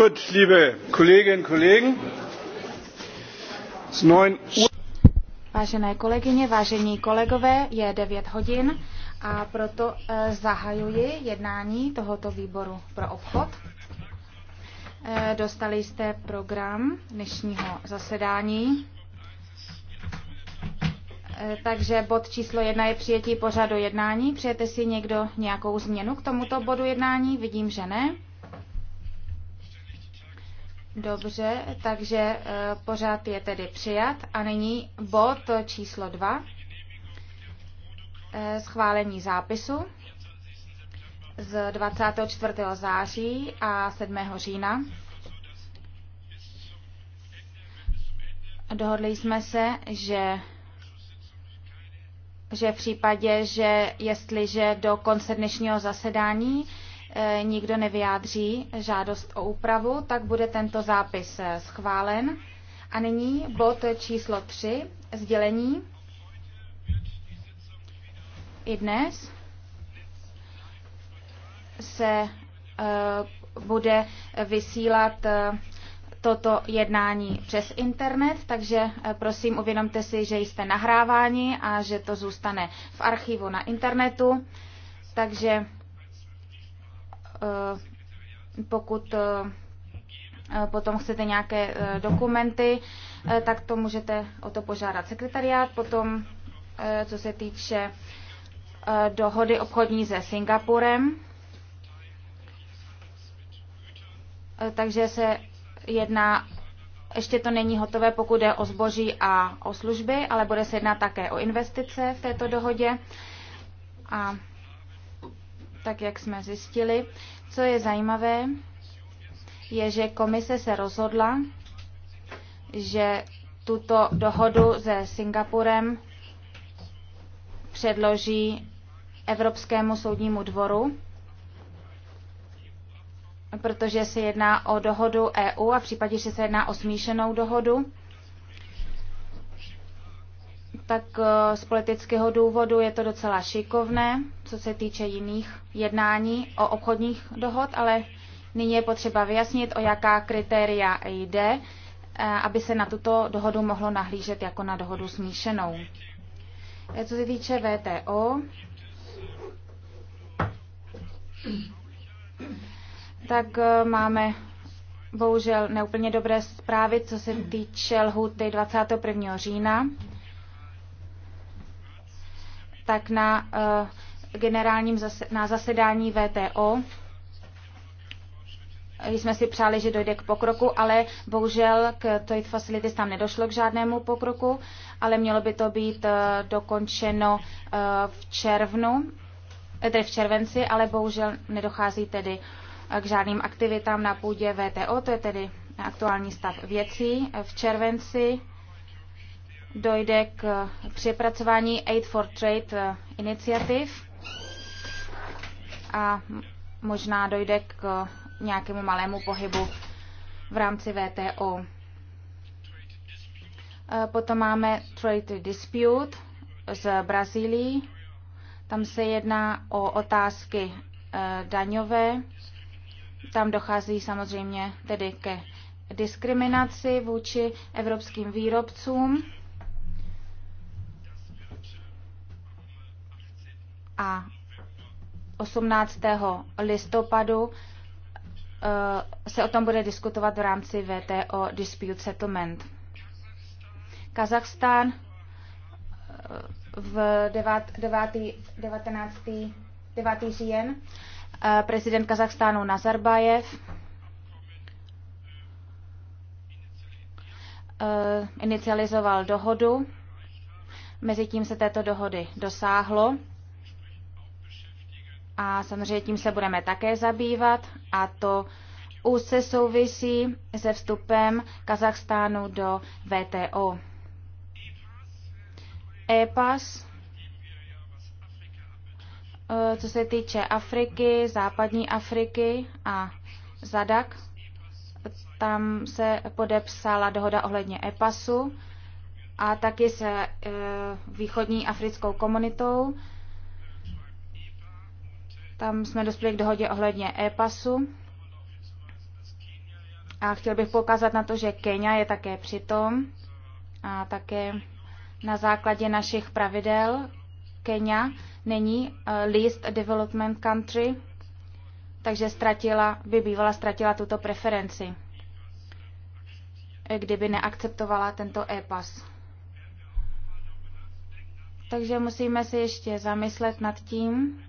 Gut, liebe Kolleginnen und Kollegen, Vážené kolegyně, vážení kolegové, je 9 hodin a proto eh, zahajuji jednání tohoto výboru pro obchod. Eh, dostali jste program dnešního zasedání. Eh, takže bod číslo jedna je přijetí pořadu jednání. Přejete si někdo nějakou změnu k tomuto bodu jednání? Vidím, že ne. Dobře, takže eh, pořád je tedy přijat. A nyní bod číslo 2. Eh, schválení zápisu z 24. září a 7. října. Dohodli jsme se, že že v případě, že jestliže do konce dnešního zasedání E, nikdo nevyjádří žádost o úpravu, tak bude tento zápis e, schválen. A nyní bod číslo 3, sdělení. I dnes se e, bude vysílat toto jednání přes internet, takže prosím uvědomte si, že jste nahráváni a že to zůstane v archivu na internetu. Takže Eh, pokud eh, potom chcete nějaké eh, dokumenty, tak to můžete o to požádat sekretariát. Potom, co se týče dohody obchodní se Singapurem, takže se jedná, ještě to není hotové, pokud je o zboží a o služby, ale bude se jednat také o investice v této dohodě. A tak jak jsme zjistili. Co je zajímavé, je, že komise se rozhodla, že tuto dohodu se Singapurem předloží Evropskému soudnímu dvoru, protože se jedná o dohodu EU a v případě, že se jedná o smíšenou dohodu, tak eh, z politického důvodu je to docela šikovné, co se týče jiných jednání o obchodních dohod, ale nyní je potřeba vyjasnit, o jaká kritéria jde, eh, aby se na tuto dohodu mohlo nahlížet jako na dohodu smíšenou. Eh, co se týče VTO, tak máme bohužel neúplně dobré zprávy, co se týče lhuty 21. října tak na eh, generálním na zasedání VTO jsme si přáli, že dojde k pokroku, ale bohužel k Toit Facilities tam nedošlo k žádnému pokroku, ale mělo by to být eh, dokončeno eh, v červnu, tedy v červenci, ale bohužel nedochází tedy k žádným aktivitám na půdě VTO, to je tedy aktuální stav věcí. V červenci dojde k přepracování Aid for Trade eh, iniciativ a možná dojde k nějakému malému pohybu v rámci VTO. Eh, potom máme Trade Dispute z Brazílii. Tam se jedná o otázky eh, daňové. Tam dochází samozřejmě tedy ke diskriminaci vůči evropským výrobcům. a 18. listopadu eh, se o tom bude diskutovat v rámci VTO Dispute Settlement. Kazachstán eh, v 9, 19, 9. říjen eh, prezident Kazachstánu Nazarbájev inicializoval dohodu. Mezitím se této dohody dosáhlo a samozřejmě tím se budeme také zabývat a to už se souvisí se vstupem Kazachstánu do VTO. EPAS, eh, co se týče Afriky, západní Afriky a Zadak, tam se podepsala dohoda ohledně EPASu a taky se eh, východní africkou komunitou tam jsme dospěli k dohodě ohledně e-pasu. A chtěl bych poukázat na to, že Kenia je také přitom a také na základě našich pravidel Kenia není eh, Least Development Country, takže ztratila, by bývala ztratila tuto preferenci, eh, kdyby neakceptovala tento e-pas. Takže musíme se ještě zamyslet nad tím,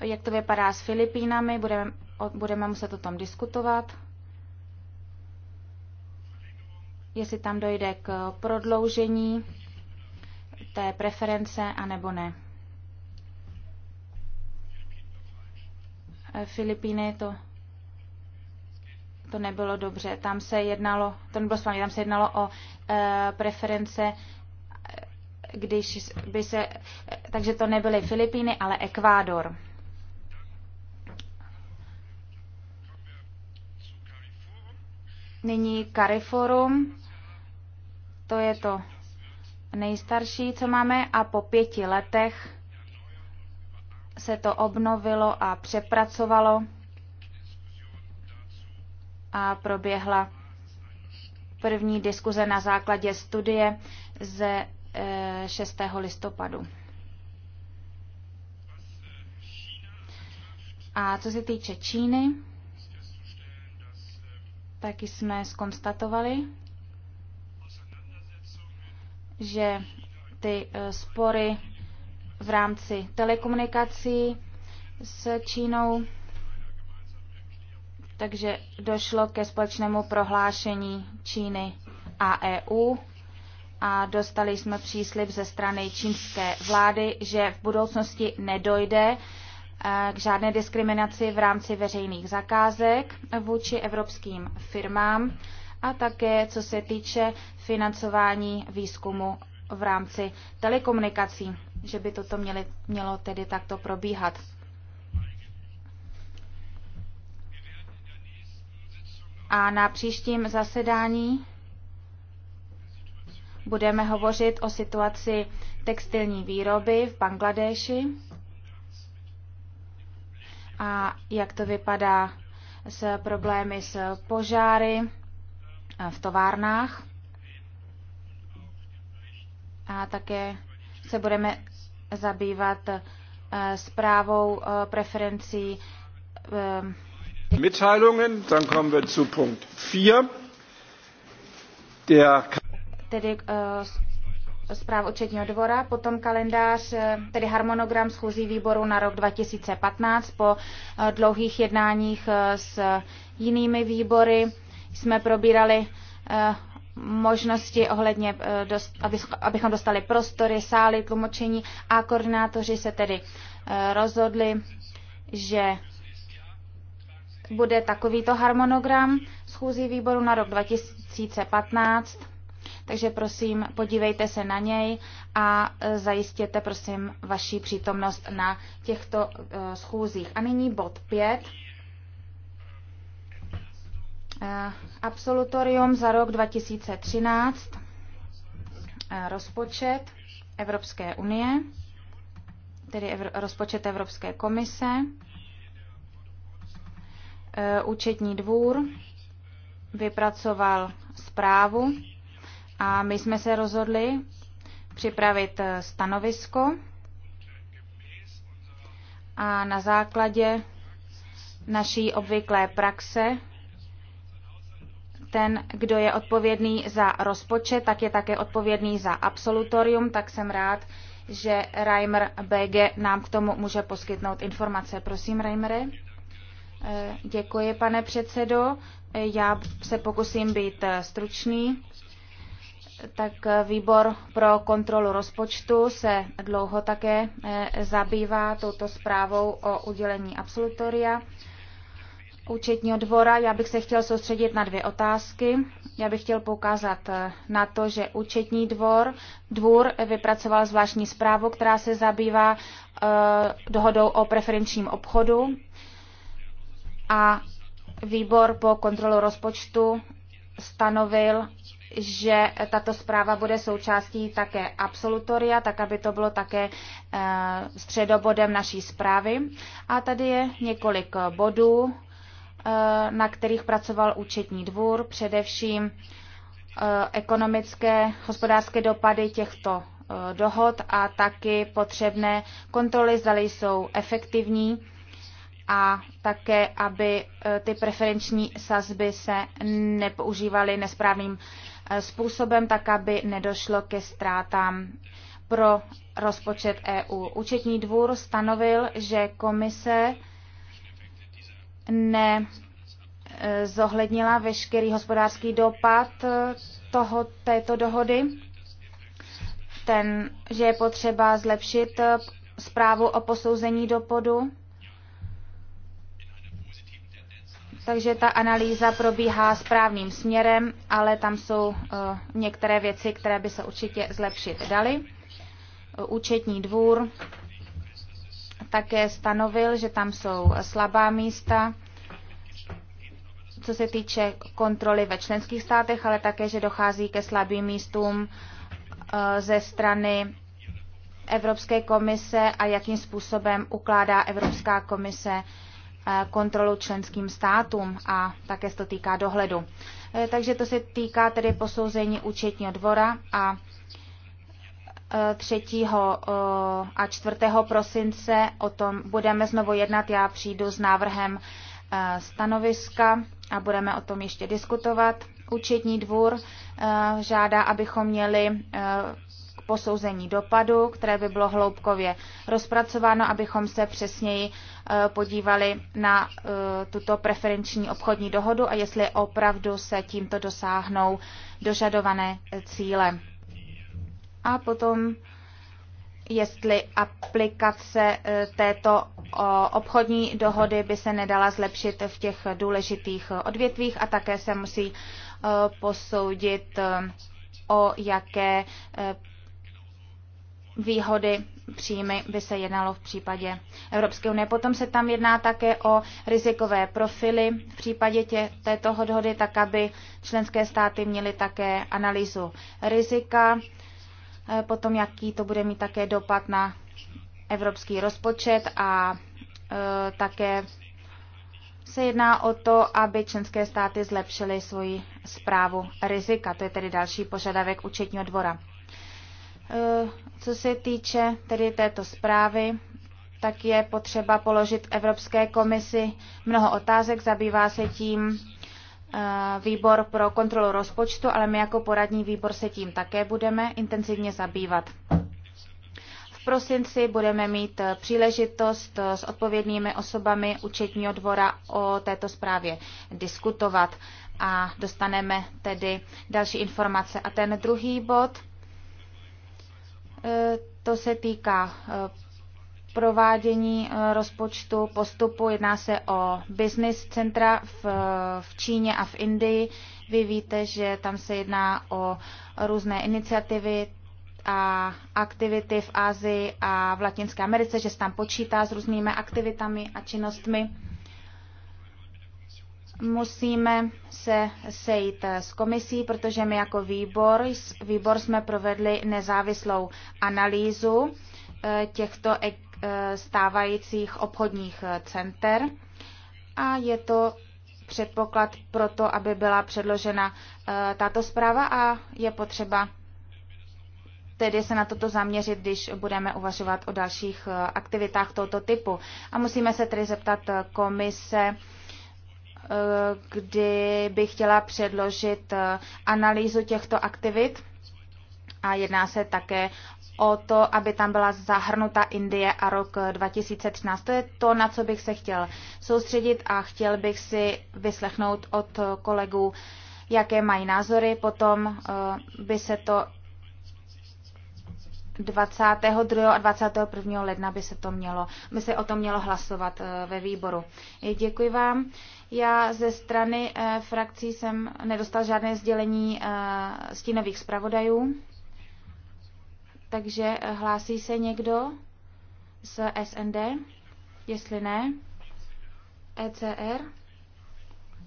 jak to vypadá s Filipínami, budeme, budeme muset o tom diskutovat. Jestli tam dojde k prodloužení té preference, anebo ne. Filipíny to, to nebylo dobře. Tam se jednalo, to nebylo správně, tam se jednalo o e, preference, když by se, takže to nebyly Filipíny, ale Ekvádor. Nyní Cariforum, to je to nejstarší, co máme, a po pěti letech se to obnovilo a přepracovalo a proběhla první diskuze na základě studie ze 6. E, listopadu. A co se týče Číny, taky jsme skonstatovali, že ty eh, spory v rámci telekomunikací s Čínou, takže došlo ke společnému prohlášení Číny a EU a dostali jsme příslip ze strany čínské vlády, že v budoucnosti nedojde k žádné diskriminaci v rámci veřejných zakázek vůči evropským firmám a také co se týče financování výzkumu v rámci telekomunikací, že by toto měli, mělo tedy takto probíhat. A na příštím zasedání budeme hovořit o situaci textilní výroby v Bangladeši a jak to vypadá s problémy s požáry v továrnách. A také se budeme zabývat eh, zprávou eh, preferencí. Eh, Mitteilungen, dann kommen wir zu Punkt 4. Der tedy zpráv očetního dvora, potom kalendář, eh, tedy harmonogram schůzí výboru na rok 2015 po eh, dlouhých jednáních eh, s jinými výbory. Jsme probírali možnosti ohledně, abychom dostali prostory, sály, tlumočení a koordinátoři se tedy rozhodli, že bude takovýto harmonogram schůzí výboru na rok 2015 takže prosím podívejte se na něj a e, zajistěte prosím vaši přítomnost na těchto e, schůzích. A nyní bod 5. E, absolutorium za rok 2013, rozpočet Evropské unie, tedy rozpočet Evropské komise, účetní dvůr vypracoval zprávu a my jsme se rozhodli připravit eh, stanovisko a na základě naší obvyklé praxe ten, kdo je odpovědný za rozpočet, tak je také odpovědný za absolutorium, tak jsem rád, že Reimer BG nám k tomu může poskytnout informace. Prosím, Reimere. Eh, děkuji, pane předsedo. Eh, já se pokusím být stručný tak výbor pro kontrolu rozpočtu se dlouho také eh, zabývá touto zprávou o udělení absolutoria účetního dvora. Já bych se chtěl soustředit na dvě otázky. Já bych chtěl poukázat eh, na to, že účetní dvor, dvůr vypracoval zvláštní zprávu, která se zabývá eh, dohodou o preferenčním obchodu a výbor po kontrolu rozpočtu stanovil, že tato zpráva bude součástí také absolutoria, tak aby to bylo také eh, středobodem naší zprávy. A tady je několik bodů, eh, na kterých pracoval účetní dvůr, především eh, ekonomické, hospodářské dopady těchto dohod a taky potřebné kontroly, zda jsou efektivní a také, aby e, ty preferenční sazby se nepoužívaly nesprávným e, způsobem, tak aby nedošlo ke ztrátám pro rozpočet EU. Účetní dvůr stanovil, že komise ne e, zohlednila veškerý hospodářský dopad toho, této dohody, ten, že je potřeba zlepšit zprávu o posouzení dopadu Takže ta analýza probíhá správným směrem, ale tam jsou eh, některé věci, které by se určitě zlepšit daly. Účetní dvůr také stanovil, že tam jsou slabá místa, co se týče kontroly ve členských státech, ale také, že dochází ke slabým místům eh, ze strany Evropské komise a jakým způsobem ukládá Evropská komise Eh, kontrolu členským státům a také se to týká dohledu. Eh, takže to se týká tedy posouzení účetního dvora a 3. Eh, a 4. prosince o tom budeme znovu jednat. Já přijdu s návrhem stanoviska a budeme o tom ještě diskutovat. Účetní dvůr žádá, abychom měli k posouzení dopadu, které by bylo hloubkově rozpracováno, abychom se přesněji Eh, podívali na eh, tuto preferenční obchodní dohodu a jestli opravdu se tímto dosáhnou dožadované cíle. A potom jestli aplikace eh, této obchodní dohody by se nedala zlepšit v těch důležitých odvětvích a také se musí posoudit, o jaké výhody příjmy by se jednalo v případě Evropské unie. Potom se tam jedná také o rizikové profily v případě tě, této dohody, tak aby členské státy měly také analýzu rizika, eh, potom jaký to bude mít také dopad na evropský rozpočet a e, také se jedná o to, aby členské státy zlepšily svoji zprávu rizika. To je tedy další požadavek účetního dvora. Eh, co se týče tedy této zprávy, tak je potřeba položit Evropské komisi mnoho otázek. Zabývá se tím eh, výbor pro kontrolu rozpočtu, ale my jako poradní výbor se tím také budeme intenzivně zabývat. V prosinci budeme mít eh, příležitost s odpovědnými osobami účetního dvora o této zprávě diskutovat a dostaneme tedy další informace. A ten druhý bod, Eh, to se týká eh, provádění eh, rozpočtu, postupu. Jedná se o business centra v, v Číně a v Indii. Vy víte, že tam se jedná o různé iniciativy a aktivity v Ázii a v Latinské Americe, že se tam počítá s různými aktivitami a činnostmi musíme se sejít s komisí, protože my jako výbor, výbor jsme provedli nezávislou analýzu eh, těchto eh, stávajících obchodních eh, center a je to předpoklad pro to, aby byla předložena tato zpráva a je potřeba tedy se na toto zaměřit, když budeme uvažovat o dalších aktivitách tohoto typu. A musíme se tedy zeptat komise, Eh, kdy bych chtěla předložit eh, analýzu těchto aktivit a jedná se také o to, aby tam byla zahrnuta Indie a rok 2013. Eh, to je to, na co bych se chtěl soustředit a chtěl bych si vyslechnout od kolegů, jaké mají názory. Potom by se to 22. a 21. ledna by se to mělo, by se o tom mělo hlasovat ve výboru. Děkuji vám. Já ze strany eh, frakcí jsem nedostal žádné sdělení eh, stínových zpravodajů, takže eh, hlásí se někdo z SND? Jestli ne, ECR,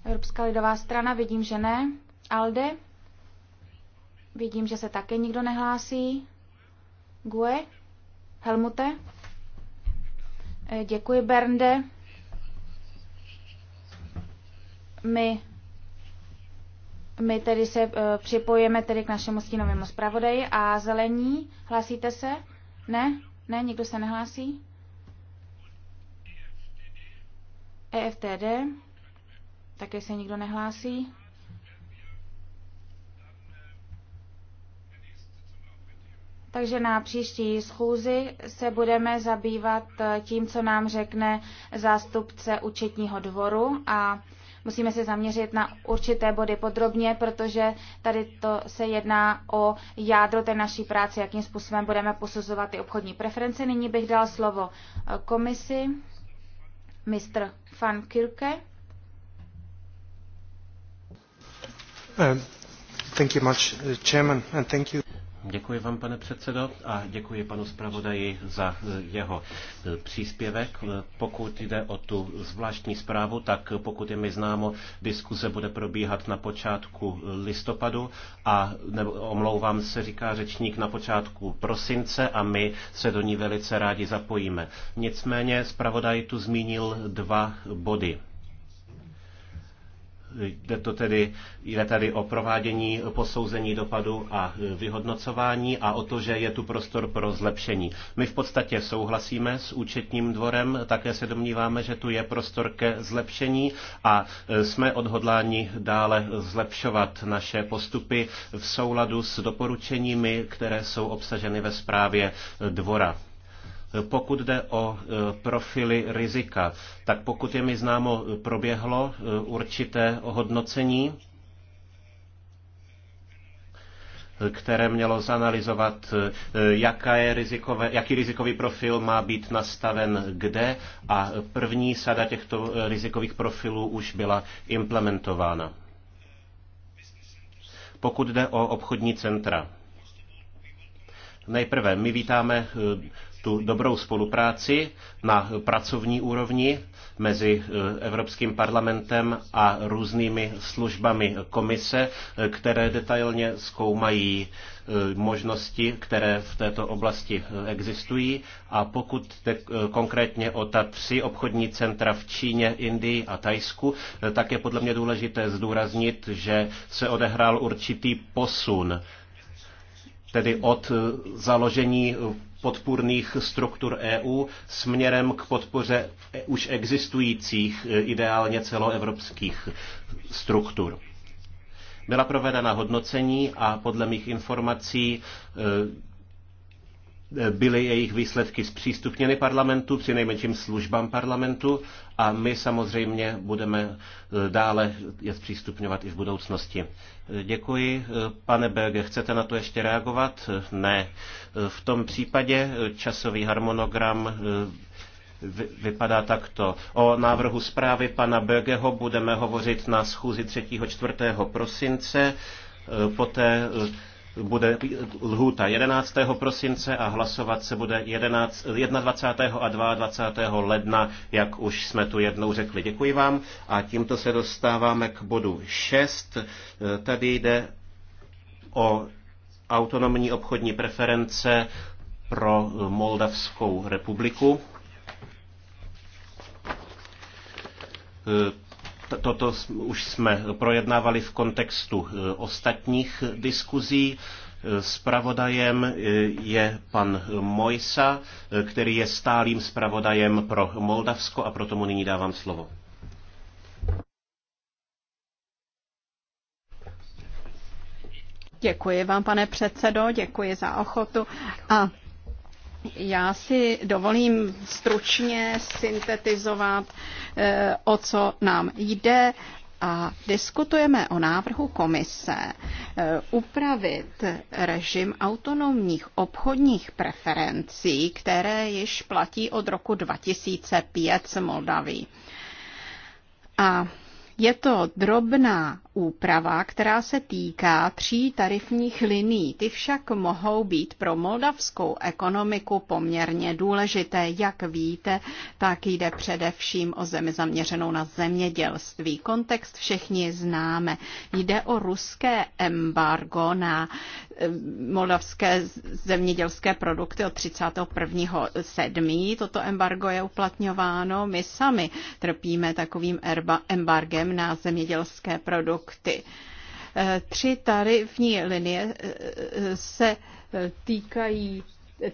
Evropská lidová strana, vidím, že ne, ALDE, vidím, že se také nikdo nehlásí, GUE, Helmute, děkuji Bernde. my, my tedy se eh, připojíme tedy k našemu stínovému zpravodaji a zelení, hlásíte se? Ne? Ne, nikdo se nehlásí? EFTD, také se nikdo nehlásí. Takže na příští schůzi se budeme zabývat eh, tím, co nám řekne zástupce účetního dvoru a musíme se zaměřit na určité body podrobně, protože tady to se jedná o jádro té naší práce, jakým způsobem budeme posuzovat ty obchodní preference. Nyní bych dal slovo eh, komisi, mistr Van Kirke. Um, thank you much, eh, Chairman, and thank you. Děkuji vám, pane předsedo, a děkuji panu zpravodaji za jeho příspěvek. Pokud jde o tu zvláštní zprávu, tak pokud je mi známo, diskuse bude probíhat na počátku listopadu a nebo, omlouvám se, říká řečník, na počátku prosince a my se do ní velice rádi zapojíme. Nicméně zpravodaj tu zmínil dva body. Jde, to tedy, jde tady o provádění posouzení dopadu a e, vyhodnocování a o to, že je tu prostor pro zlepšení. My v podstatě souhlasíme s účetním dvorem, také se domníváme, že tu je prostor ke zlepšení a e, jsme odhodláni dále zlepšovat naše postupy v souladu s doporučeními, které jsou obsaženy ve zprávě dvora. Pokud jde o e, profily rizika, tak pokud je mi známo, e, proběhlo e, určité ohodnocení, které mělo zanalizovat, jaká je rizikové, jaký rizikový profil má být nastaven kde a první sada těchto rizikových profilů už byla implementována. Pokud jde o obchodní centra, Nejprve, my vítáme tu dobrou spolupráci na pracovní úrovni mezi eh, Evropským parlamentem a různými službami komise, eh, které detailně zkoumají eh, možnosti, které v této oblasti existují. A pokud te, konkrétně o ta tři obchodní centra v Číně, Indii a Tajsku, tak je podle mě důležité zdůraznit, že se odehrál určitý posun tedy od založení podpůrných struktur EU směrem k podpoře už existujících, e, ideálně celoevropských struktur. Byla provedena hodnocení a podle mých informací e, e, byly jejich výsledky zpřístupněny parlamentu, při nejmenším službám parlamentu a my samozřejmě budeme dále je zpřístupňovat i v budoucnosti. Děkuji. Pane Belge, chcete na to ještě reagovat? Ne. V tom případě časový harmonogram eh, vypadá takto. O návrhu zprávy pana Bergeho budeme hovořit na schůzi 3. 4. prosince, eh, poté eh, bude lhůta 11. prosince a hlasovat se bude 11, 21. a 22. ledna, jak už jsme tu jednou řekli. Děkuji vám a tímto se dostáváme k bodu 6. Tady jde o autonomní obchodní preference pro Moldavskou republiku. Toto už jsme projednávali v kontextu e, ostatních diskuzí. Spravodajem e, e, je pan Mojsa, který je stálým spravodajem pro Moldavsko a proto mu nyní dávám slovo. Děkuji vám, pane předsedo, děkuji za ochotu a já si dovolím stručně syntetizovat, eh, o co nám jde a diskutujeme o návrhu komise eh, upravit režim autonomních obchodních preferencí, které již platí od roku 2005 s Moldaví. A je to drobná úprava, která se týká tří tarifních liní. Ty však mohou být pro moldavskou ekonomiku poměrně důležité. Jak víte, tak jde především o zemi zaměřenou na zemědělství. Kontext všichni známe. Jde o ruské embargo na Eh, moldavské zemědělské produkty od 31.7. Toto embargo je uplatňováno. My sami trpíme takovým embargem na zemědělské produkty. Eh, tři tarifní linie eh, se týkají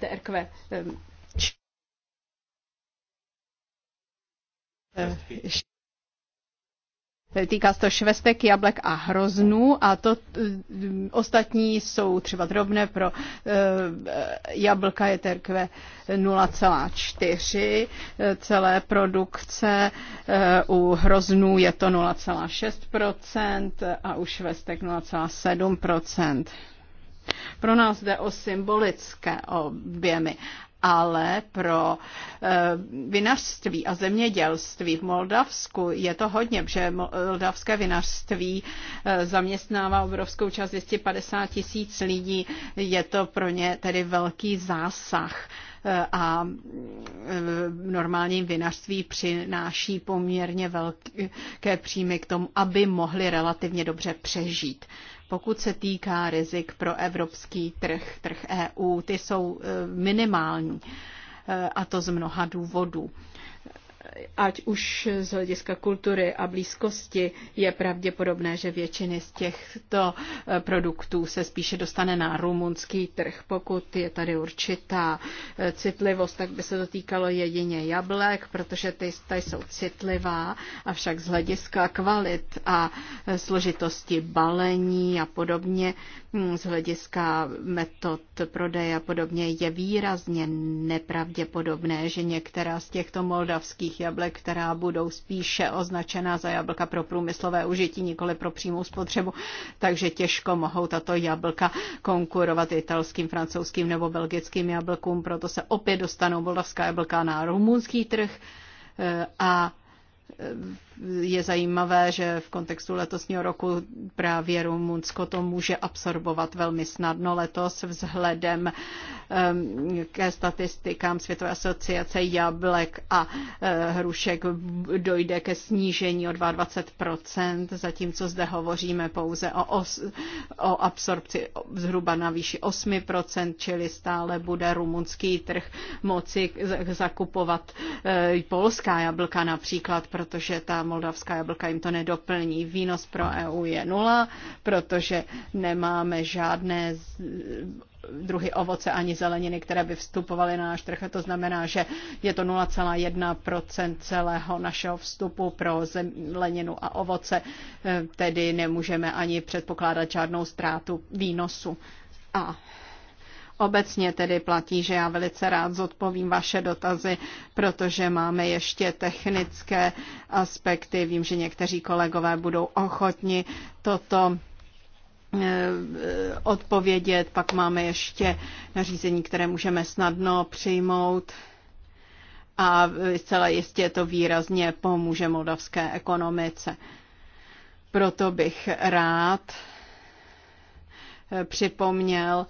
TRQ 4. Týká se to švestek, jablek a hroznů a to mm, ostatní jsou třeba drobné pro eh, jablka je terkve 0,4 celé produkce, eh, u hroznů je to 0,6% a u švestek 0,7%. Pro nás jde o symbolické objemy ale pro eh, vinařství a zemědělství v Moldavsku je to hodně, protože moldavské vinařství eh, zaměstnává obrovskou část 250 tisíc lidí. Je to pro ně tedy velký zásah eh, a normálním vinařství přináší poměrně velké příjmy k tomu, aby mohli relativně dobře přežít. Pokud se týká rizik pro evropský trh, trh EU, ty jsou eh, minimální eh, a to z mnoha důvodů ať už z hlediska kultury a blízkosti je pravděpodobné, že většiny z těchto eh, produktů se spíše dostane na rumunský trh. Pokud je tady určitá eh, citlivost, tak by se to týkalo jedině jablek, protože ty, ty jsou citlivá, avšak z hlediska kvalit a eh, složitosti balení a podobně, hm, z hlediska metod prodeje a podobně je výrazně nepravděpodobné, že některá z těchto moldavských jablek, která budou spíše označena za jablka pro průmyslové užití, nikoli pro přímou spotřebu, takže těžko mohou tato jablka konkurovat italským, francouzským nebo belgickým jablkům, proto se opět dostanou moldavská jablka na rumunský trh eh, a eh, je zajímavé, že v kontextu letosního roku právě Rumunsko to může absorbovat velmi snadno letos vzhledem ehm, ke statistikám Světové asociace jablek a eh, hrušek dojde ke snížení o 22%, zatímco zde hovoříme pouze o, os, o absorpci zhruba na výši 8%, čili stále bude rumunský trh moci zakupovat eh, polská jablka například, protože ta moldavská jablka jim to nedoplní. Výnos pro EU je nula, protože nemáme žádné druhy ovoce ani zeleniny, které by vstupovaly na náš trh. A to znamená, že je to 0,1 celého našeho vstupu pro zeleninu a ovoce, eh, tedy nemůžeme ani předpokládat žádnou ztrátu výnosu. A Obecně tedy platí, že já velice rád zodpovím vaše dotazy, protože máme ještě technické aspekty. Vím, že někteří kolegové budou ochotni toto eh, odpovědět. Pak máme ještě nařízení, které můžeme snadno přijmout a zcela jistě to výrazně pomůže moldavské ekonomice. Proto bych rád eh, připomněl,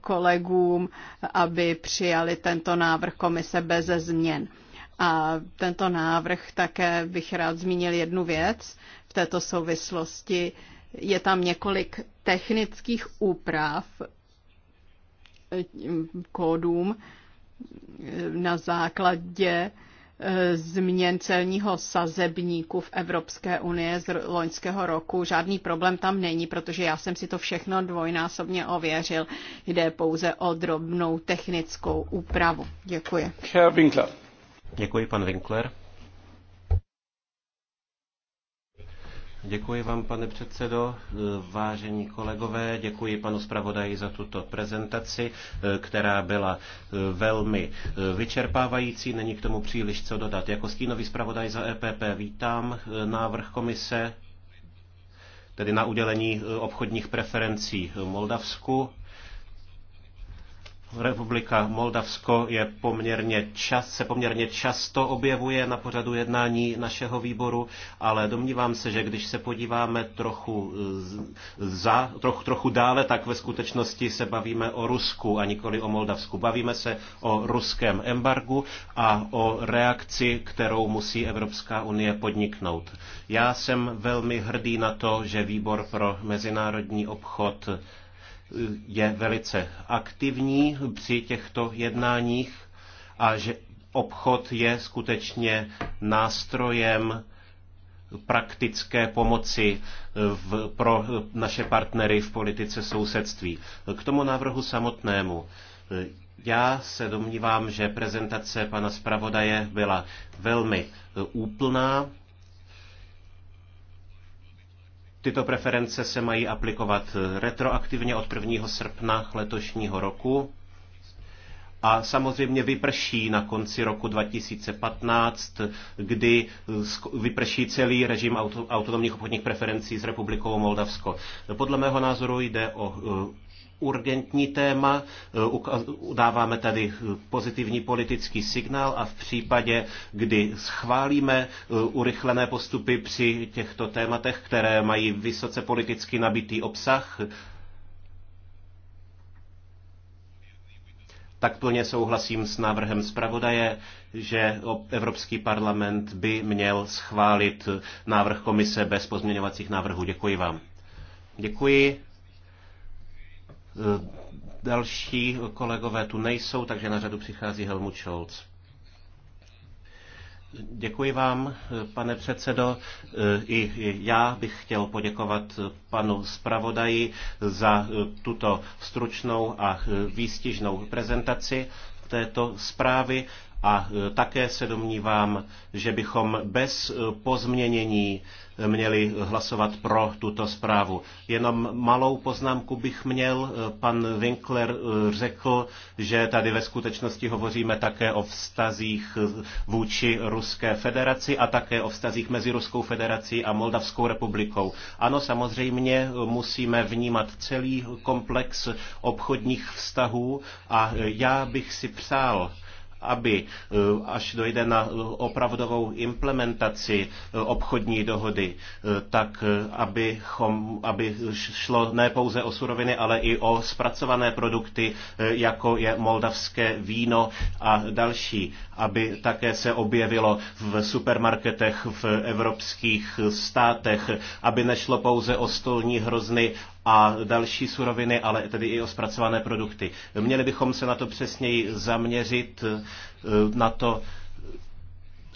kolegům, aby přijali tento návrh komise bez změn. A tento návrh také bych rád zmínil jednu věc v této souvislosti. Je tam několik technických úprav eh, kódům eh, na základě změn celního sazebníku v Evropské unie z loňského roku. Žádný problém tam není, protože já jsem si to všechno dvojnásobně ověřil. Jde pouze o drobnou technickou úpravu. Děkuji. Herr Winkler. Děkuji, pan Winkler. Děkuji vám, pane předsedo. Vážení kolegové, děkuji panu zpravodaji za tuto prezentaci, která byla velmi vyčerpávající. Není k tomu příliš co dodat. Jako stínový zpravodaj za EPP vítám návrh komise, tedy na udělení obchodních preferencí Moldavsku Republika Moldavsko je poměrně čas, se poměrně často objevuje na pořadu jednání našeho výboru, ale domnívám se, že když se podíváme trochu, za, troch, trochu dále, tak ve skutečnosti se bavíme o Rusku a nikoli o Moldavsku. Bavíme se o ruském embargu a o reakci, kterou musí Evropská unie podniknout. Já jsem velmi hrdý na to, že výbor pro mezinárodní obchod je velice aktivní při těchto jednáních a že obchod je skutečně nástrojem praktické pomoci v, pro naše partnery v politice sousedství. K tomu návrhu samotnému. Já se domnívám, že prezentace pana zpravodaje byla velmi úplná Tyto preference se mají aplikovat retroaktivně od 1. srpna letošního roku a samozřejmě vyprší na konci roku 2015, kdy vyprší celý režim autonomních obchodních preferencí s Republikou Moldavsko. Podle mého názoru jde o eh, urgentní téma, eh, dáváme tady pozitivní politický signál a v případě, kdy schválíme eh, urychlené postupy při těchto tématech, které mají vysoce politicky nabitý obsah, tak plně souhlasím s návrhem zpravodaje, že Evropský parlament by měl schválit návrh komise bez pozměňovacích návrhů. Děkuji vám. Děkuji. Další kolegové tu nejsou, takže na řadu přichází Helmut Scholz. Děkuji vám, pane předsedo. I já bych chtěl poděkovat panu zpravodaji za tuto stručnou a výstižnou prezentaci této zprávy a e, také se domnívám, že bychom bez e, pozměnění e, měli hlasovat pro tuto zprávu. Jenom malou poznámku bych měl. Pan Winkler řekl, že tady ve skutečnosti hovoříme také o vztazích vůči Ruské federaci a také o vztazích mezi Ruskou federací a Moldavskou republikou. Ano, samozřejmě musíme vnímat celý komplex obchodních vztahů a já bych si přál, aby e, až dojde na opravdovou implementaci e, obchodní dohody, e, tak aby, chom, aby šlo ne pouze o suroviny, ale i o zpracované produkty, jako je moldavské víno a další, aby také se objevilo v supermarketech v evropských státech, aby nešlo pouze o stolní hrozny, a další suroviny, ale tedy i o zpracované produkty. Měli bychom se na to přesněji zaměřit, eh, na to,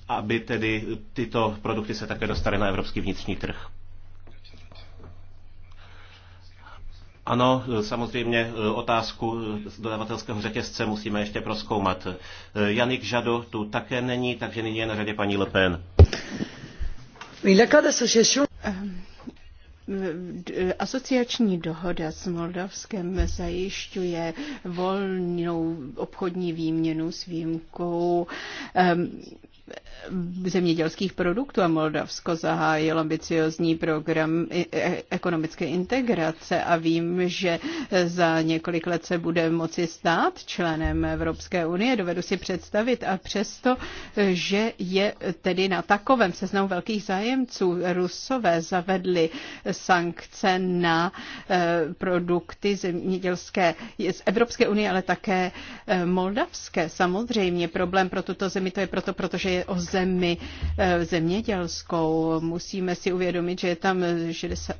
aby tedy tyto produkty se také dostaly na evropský vnitřní trh. Ano, samozřejmě eh, otázku eh, dodavatelského řetězce musíme ještě proskoumat. Janik Žado tu také není, takže nyní je na řadě paní Le Pen. Asociační dohoda s Moldavskem zajišťuje volnou obchodní výměnu s výjimkou um, zemědělských produktů a Moldavsko zahájil ambiciozní program e- ekonomické integrace a vím, že za několik let se bude moci stát členem Evropské unie. Dovedu si představit a přesto, že je tedy na takovém seznamu velkých zájemců. Rusové zavedli sankce na e, produkty zemědělské z Evropské unie, ale také e, moldavské. Samozřejmě problém pro tuto zemi to je proto, protože o zemi eh, zemědělskou. Musíme si uvědomit, že je tam 60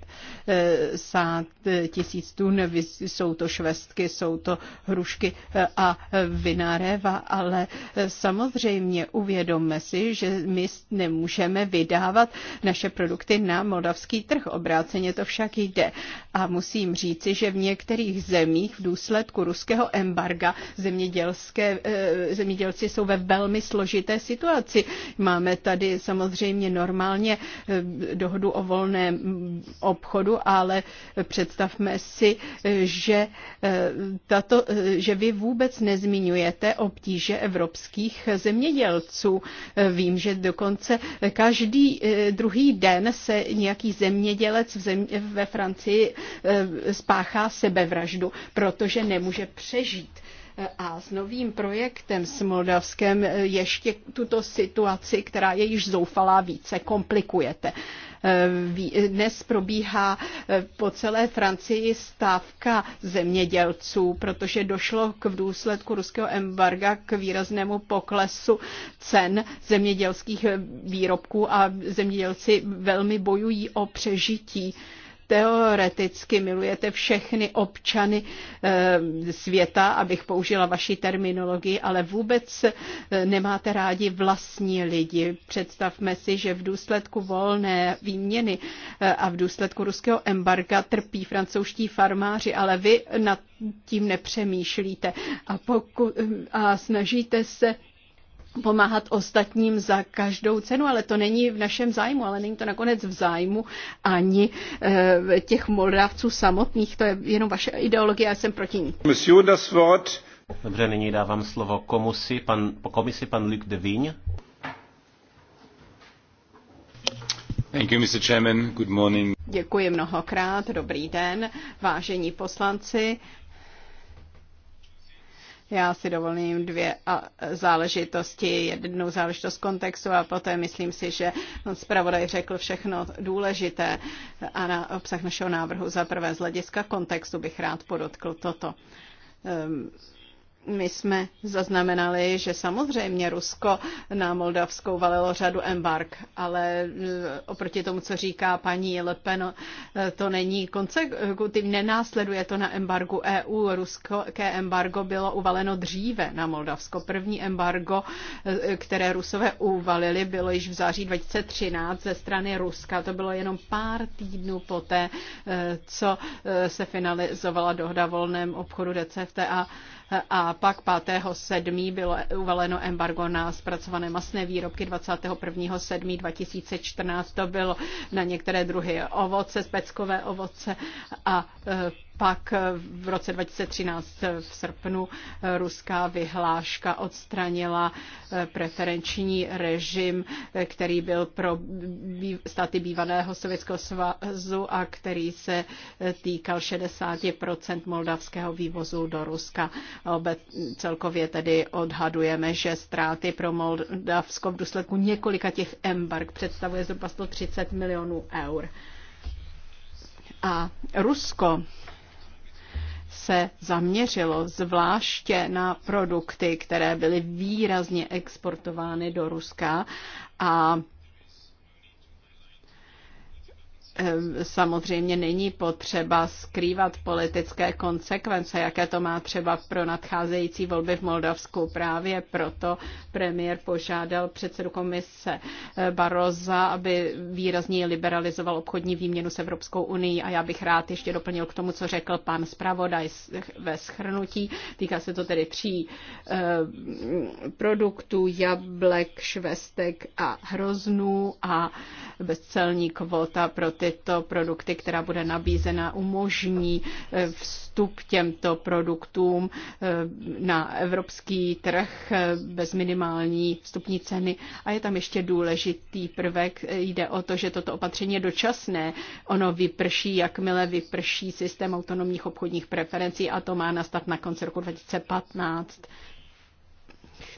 eh, tisíc tun, jsou to švestky, jsou to hrušky eh, a vináreva, ale samozřejmě uvědomme si, že my nemůžeme vydávat naše produkty na moldavský trh. Obráceně to však jde. A musím říci, že v některých zemích v důsledku ruského embarga zemědělské, zemědělci jsou ve velmi složité situaci situaci. Máme tady samozřejmě normálně eh, dohodu o volném mm, obchodu, ale představme si, eh, že, eh, tato, že vy vůbec nezmiňujete obtíže evropských zemědělců. Vím, že dokonce každý druhý den se nějaký zemědělec v zem, ve Francii spáchá sebevraždu, protože nemůže přežít a s novým projektem s Moldavskem ještě tuto situaci, která je již zoufalá, více komplikujete. Dnes probíhá eh, po celé Francii stávka zemědělců, protože došlo k v důsledku ruského embarga k výraznému poklesu cen zemědělských eh, výrobků a zemědělci velmi bojují o přežití teoreticky milujete všechny občany eh, světa, abych použila vaši terminologii, ale vůbec eh, nemáte rádi vlastní lidi. Představme si, že v důsledku volné výměny eh, a v důsledku ruského embarga trpí francouzští farmáři, ale vy nad tím nepřemýšlíte a, poku- a snažíte se pomáhat ostatním za každou cenu, ale to není v našem zájmu, ale není to nakonec v zájmu ani e, těch Moldávců samotných, to je jenom vaše ideologie, já jsem proti ní. Dobře, nyní dávám slovo komisi, pan, komisi pan Luc de Vigne. Děkuji mnohokrát, dobrý den, vážení poslanci. Já si dovolím dvě e, záležitosti, jednu záležitost kontextu a poté myslím si, že zpravodaj řekl všechno důležité a na obsah našeho návrhu. Za prvé z hlediska kontextu bych rád podotkl toto ehm, my jsme zaznamenali, že samozřejmě Rusko na Moldavskou valilo řadu embark, ale eh, oproti tomu, co říká paní Le Pen, eh, to není konsekutivní, nenásleduje to na embargu EU. Ruské embargo bylo uvaleno dříve na Moldavsko. První embargo, eh, které Rusové uvalili, bylo již v září 2013 ze strany Ruska. To bylo jenom pár týdnů poté, co se finalizovala dohoda volném obchodu DCFTA a pak 5.7. bylo uvaleno embargo na zpracované masné výrobky 21.7.2014. To bylo na některé druhy ovoce, speckové ovoce a e, pak eh, v roce 2013 eh, v srpnu eh, ruská vyhláška odstranila preferenční režim, který byl pro státy bývaného Sovětského svazu a který se týkal 60 moldavského vývozu do Ruska. Celkově tedy odhadujeme, že ztráty pro Moldavsko v důsledku několika těch embark představuje zhruba 130 milionů eur. A Rusko se zaměřilo zvláště na produkty, které byly výrazně exportovány do Ruska a samozřejmě není potřeba skrývat politické konsekvence, jaké to má třeba pro nadcházející volby v Moldavsku. Právě proto premiér požádal předsedu komise eh, Baroza, aby výrazně liberalizoval obchodní výměnu s Evropskou unii a já bych rád ještě doplnil k tomu, co řekl pan zpravodaj ve schrnutí. Týká se to tedy tří eh, produktů, jablek, švestek a hroznů a bezcelní kvota pro ty tyto produkty, která bude nabízena, umožní eh, vstup těmto produktům eh, na evropský trh eh, bez minimální vstupní ceny. A je tam ještě důležitý prvek, jde o to, že toto opatření je dočasné. Ono vyprší, jakmile vyprší systém autonomních obchodních preferencí a to má nastat na konci roku 2015.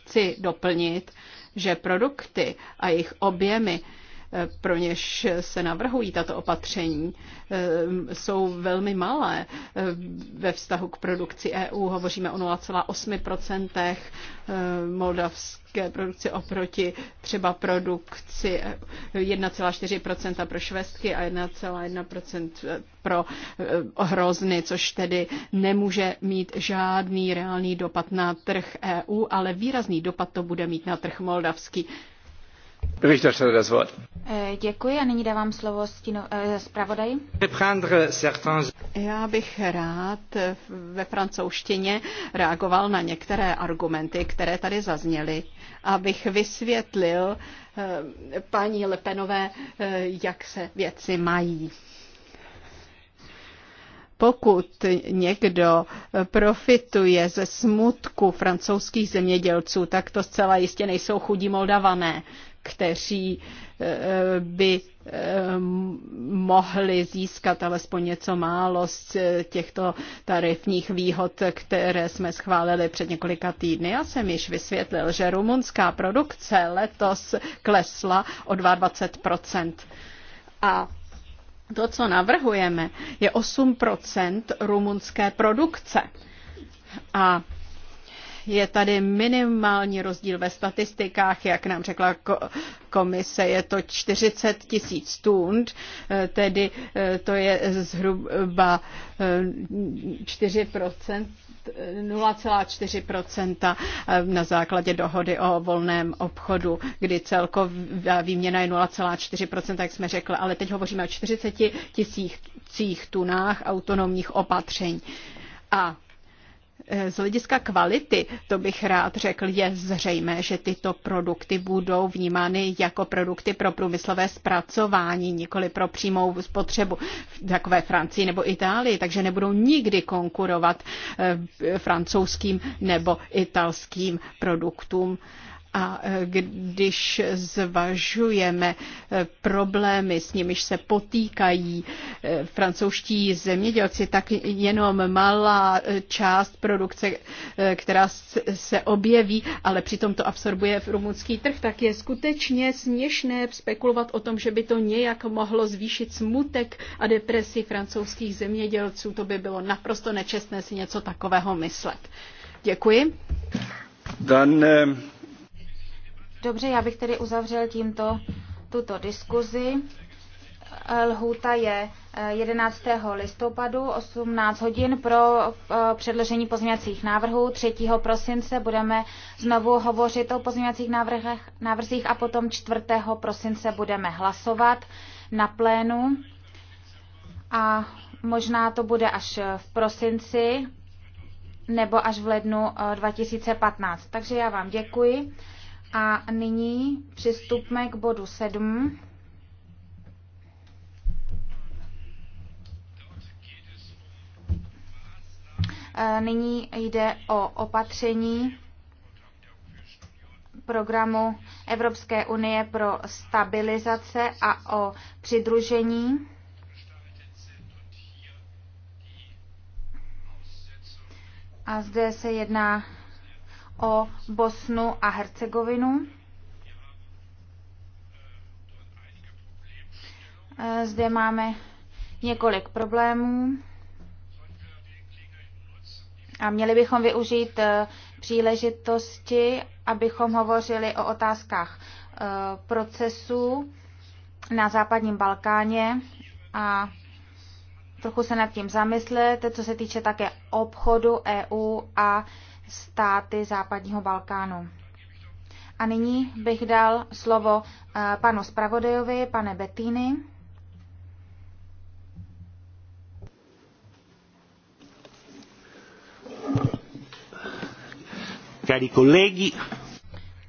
Chci doplnit, že produkty a jejich objemy pro něž se navrhují tato opatření, eh, jsou velmi malé eh, ve vztahu k produkci EU. Hovoříme o 0,8 eh, moldavské produkci oproti třeba produkci 1,4 pro švestky a 1,1 pro hrozny, což tedy nemůže mít žádný reálný dopad na trh EU, ale výrazný dopad to bude mít na trh moldavský. Eh, děkuji a nyní dávám slovo eh, zpravodaji. Já bych rád ve francouzštině reagoval na některé argumenty, které tady zazněly, abych vysvětlil eh, paní Lepenové, jak se věci mají pokud někdo profituje ze smutku francouzských zemědělců, tak to zcela jistě nejsou chudí moldavané kteří eh, by eh, mohli získat alespoň něco málo z eh, těchto tarifních výhod, které jsme schválili před několika týdny. Já jsem již vysvětlil, že rumunská produkce letos klesla o 22%. A to, co navrhujeme, je 8% rumunské produkce. A je tady minimální rozdíl ve statistikách, jak nám řekla komise, je to 40 tisíc tun, eh, tedy eh, to je zhruba 0,4 eh, na základě dohody o volném obchodu, kdy celková výměna je 0,4 jak jsme řekli, ale teď hovoříme o 40 tisících tunách autonomních opatření. A Eh, z hlediska kvality, to bych rád řekl, je zřejmé, že tyto produkty budou vnímány jako produkty pro průmyslové zpracování, nikoli pro přímou spotřebu v takové Francii nebo Itálii, takže nebudou nikdy konkurovat eh, francouzským nebo italským produktům a e, když zvažujeme e, problémy, s nimiž se potýkají e, francouzští zemědělci, tak jenom malá část produkce, která se objeví, ale přitom to absorbuje v rumunský trh, tak je skutečně směšné spekulovat o tom, že by to nějak mohlo zvýšit smutek a depresi francouzských zemědělců. To by bylo naprosto nečestné si něco takového myslet. Děkuji. Dan, eh... Dobře, já bych tedy uzavřel tímto tuto diskuzi. Lhůta je 11. Eh, listopadu 18 hodin pro eh, předložení pozměňovacích návrhů. 3. prosince budeme znovu hovořit o pozměňovacích návrzích a potom 4. prosince budeme hlasovat na plénu. A možná to bude až v prosinci nebo až v lednu 2015. Eh, Takže já vám děkuji. A nyní přistupme k bodu 7. E, nyní jde o opatření programu Evropské unie pro stabilizace a o přidružení. A zde se jedná o Bosnu a Hercegovinu. Zde máme několik problémů a měli bychom využít eh, příležitosti, abychom hovořili o otázkách eh, procesu na západním Balkáně a trochu se nad tím zamyslet, co se týče také obchodu EU a státy západního Balkánu. A nyní bych dal slovo eh, panu Spravodajovi, pane Bettini. Cari colleghi.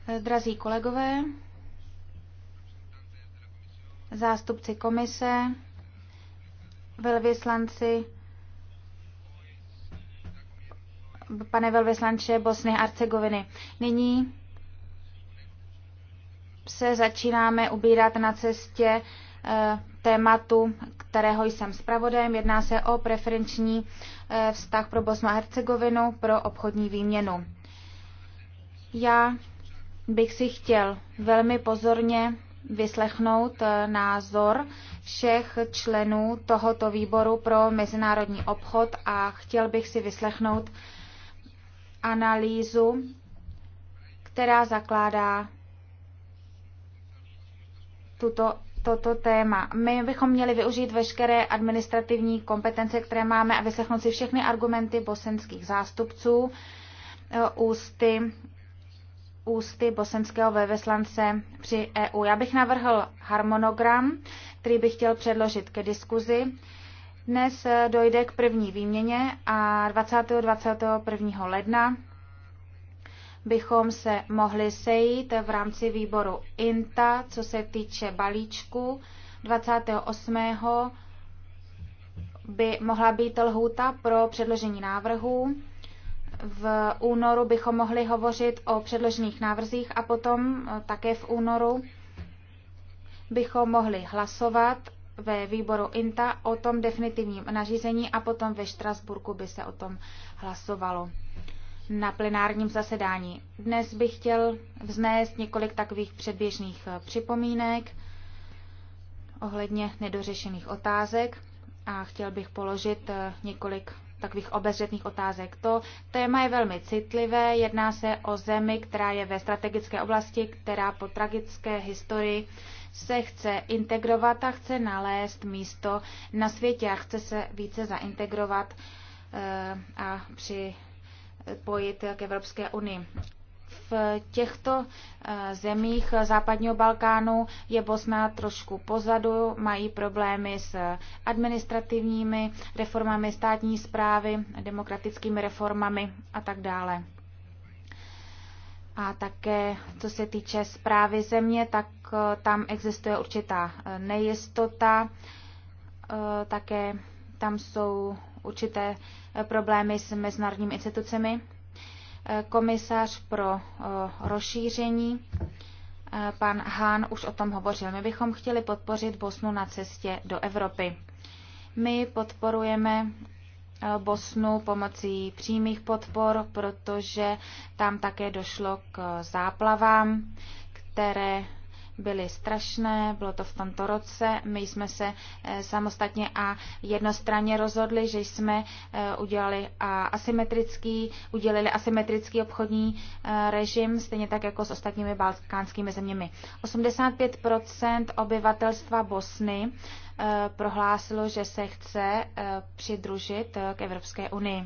Eh, drazí kolegové, zástupci komise, velvyslanci pane velvyslanče Bosny a Hercegoviny. Nyní se začínáme ubírat na cestě eh, tématu, kterého jsem zpravodajem. Jedná se o preferenční eh, vztah pro Bosnu a Hercegovinu pro obchodní výměnu. Já bych si chtěl velmi pozorně vyslechnout eh, názor všech členů tohoto výboru pro mezinárodní obchod a chtěl bych si vyslechnout analýzu, která zakládá tuto, toto téma. My bychom měli využít veškeré administrativní kompetence, které máme a vyslechnout si všechny argumenty bosenských zástupců eh, ústy, ústy bosenského veveslance při EU. Já bych navrhl harmonogram, který bych chtěl předložit ke diskuzi. Dnes eh, dojde k první výměně a 20. 21. ledna bychom se mohli sejít v rámci výboru INTA, co se týče balíčku. 28. by mohla být lhůta pro předložení návrhů. V únoru bychom mohli hovořit o předložených návrzích a potom eh, také v únoru bychom mohli hlasovat ve výboru INTA o tom definitivním nařízení a potom ve Štrasburku by se o tom hlasovalo na plenárním zasedání. Dnes bych chtěl vznést několik takových předběžných eh, připomínek ohledně nedořešených otázek a chtěl bych položit eh, několik takových obezřetných otázek. To téma je velmi citlivé, jedná se o zemi, která je ve strategické oblasti, která po tragické historii se chce integrovat a chce nalézt místo na světě a chce se více zaintegrovat eh, a připojit k Evropské unii. V těchto eh, zemích západního Balkánu je Bosna trošku pozadu, mají problémy s administrativními reformami státní zprávy, demokratickými reformami a tak dále. A také, co se týče zprávy země, tak eh, tam existuje určitá eh, nejistota. Eh, také tam jsou určité problémy s mezinárodními institucemi. Komisař pro rozšíření, pan Hán už o tom hovořil. My bychom chtěli podpořit Bosnu na cestě do Evropy. My podporujeme Bosnu pomocí přímých podpor, protože tam také došlo k záplavám, které byly strašné, bylo to v tomto roce. My jsme se eh, samostatně a jednostranně rozhodli, že jsme eh, udělali asymetrický, udělili asymetrický obchodní eh, režim, stejně tak jako s ostatními balkánskými zeměmi. 85 obyvatelstva Bosny prohlásilo, že se chce přidružit k Evropské unii.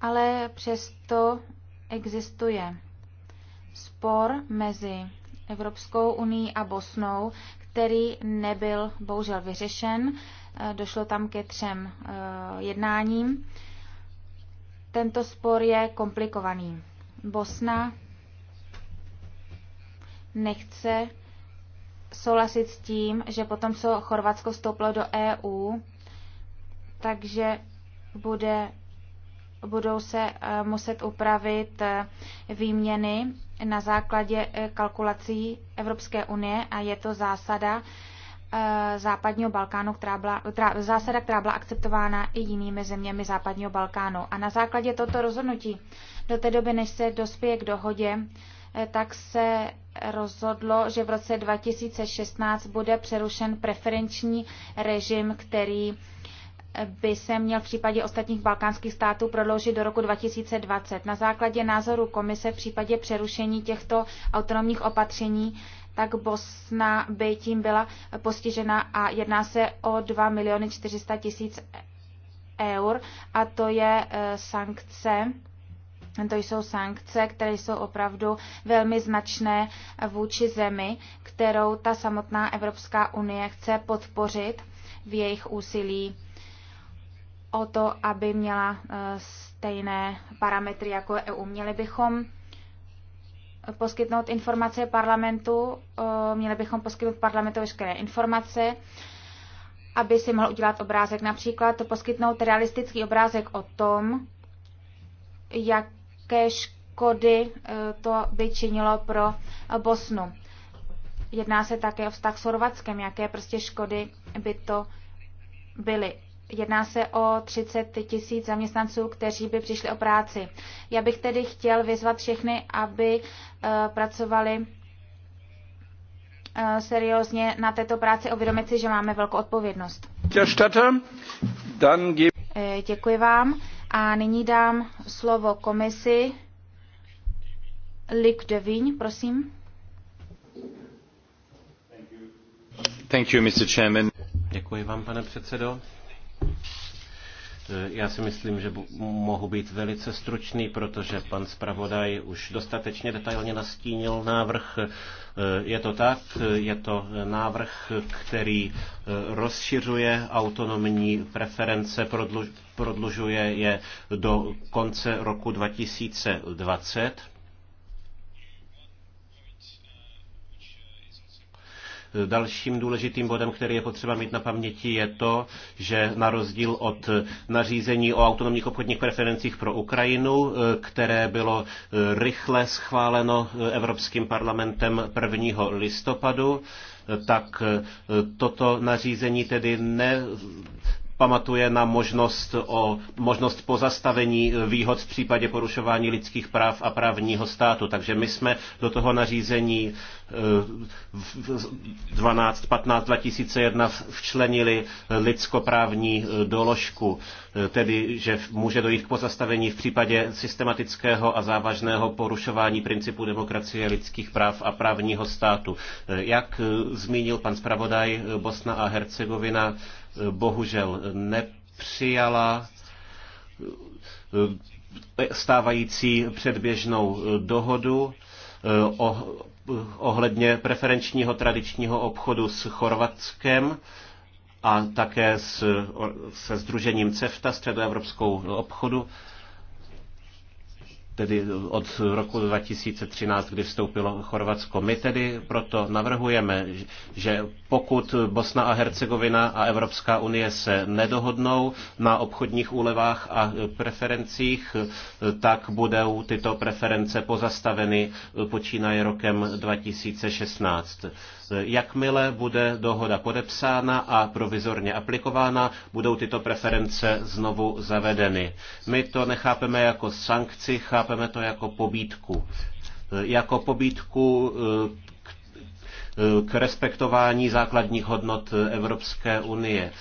Ale přesto existuje spor mezi Evropskou unii a Bosnou, který nebyl bohužel vyřešen. Eh, došlo tam ke třem eh, jednáním. Tento spor je komplikovaný. Bosna nechce souhlasit s tím, že potom, co Chorvatsko vstoupilo do EU, takže bude, budou se eh, muset upravit výměny na základě eh, kalkulací Evropské unie a je to zásada eh, západního Balkánu, která byla, která, zásada, která byla akceptována i jinými zeměmi západního Balkánu. A na základě tohoto rozhodnutí do té doby, než se dospěje k dohodě, eh, tak se rozhodlo, že v roce 2016 bude přerušen preferenční režim, který by se měl v případě ostatních balkánských států prodloužit do roku 2020. Na základě názoru komise v případě přerušení těchto autonomních opatření tak Bosna by tím byla postižena a jedná se o 2 miliony 400 tisíc eur a to je e, sankce. To jsou sankce, které jsou opravdu velmi značné vůči zemi, kterou ta samotná Evropská unie chce podpořit v jejich úsilí o to, aby měla eh, stejné parametry jako EU. Měli bychom poskytnout informace parlamentu, eh, měli bychom poskytnout parlamentu veškeré informace, aby si mohl udělat obrázek. Například poskytnout realistický obrázek o tom, jaké škody eh, to by činilo pro Bosnu. Jedná se také o vztah s Chorvatskem, jaké prostě škody by to byly. Jedná se o 30 tisíc zaměstnanců, kteří by přišli o práci. Já bych tedy chtěl vyzvat všechny, aby eh, pracovali eh, seriózně na této práci, uvědomit si, že máme velkou odpovědnost. Děkuji eh, vám a nyní dám slovo komisi. Lik de Vigne, prosím. Thank you, Mr. Chairman. Děkuji vám, pane předsedo. Eh, já si myslím, že mohu být velice stručný, protože pan zpravodaj už dostatečně detailně nastínil návrh. Eh, je to tak, eh, je to návrh, který rozšiřuje autonomní preference, prodlužuje je do konce roku 2020 Dalším důležitým bodem, který je potřeba mít na paměti, je to, že na rozdíl od nařízení o autonomních obchodních preferencích pro Ukrajinu, které bylo rychle schváleno Evropským parlamentem 1. listopadu, tak toto nařízení tedy ne pamatuje na možnost, o, možnost pozastavení výhod v případě porušování lidských práv a právního státu. Takže my jsme do toho nařízení 12, 15, 2001 včlenili lidskoprávní eh, doložku, eh, tedy že může dojít k pozastavení v případě systematického a závažného porušování principu demokracie, lidských práv a právního státu. Eh, jak zmínil pan zpravodaj, Bosna a Hercegovina bohužel nepřijala eh, stávající předběžnou eh, dohodu eh, o, oh, ohledně preferenčního tradičního obchodu s Chorvatskem a také s, se Združením CEFTA, Středoevropskou obchodu, tedy od roku 2013, kdy vstoupilo Chorvatsko. My tedy proto navrhujeme, že pokud Bosna a Hercegovina a Evropská unie se nedohodnou na obchodních úlevách a preferencích, tak budou tyto preference pozastaveny počínaje rokem 2016. Jakmile bude dohoda podepsána a provizorně aplikována, budou tyto preference znovu zavedeny. My to nechápeme jako sankci, chápeme to jako pobídku jako pobídku eh, Eh, k respektování základních hodnot Evropské unie.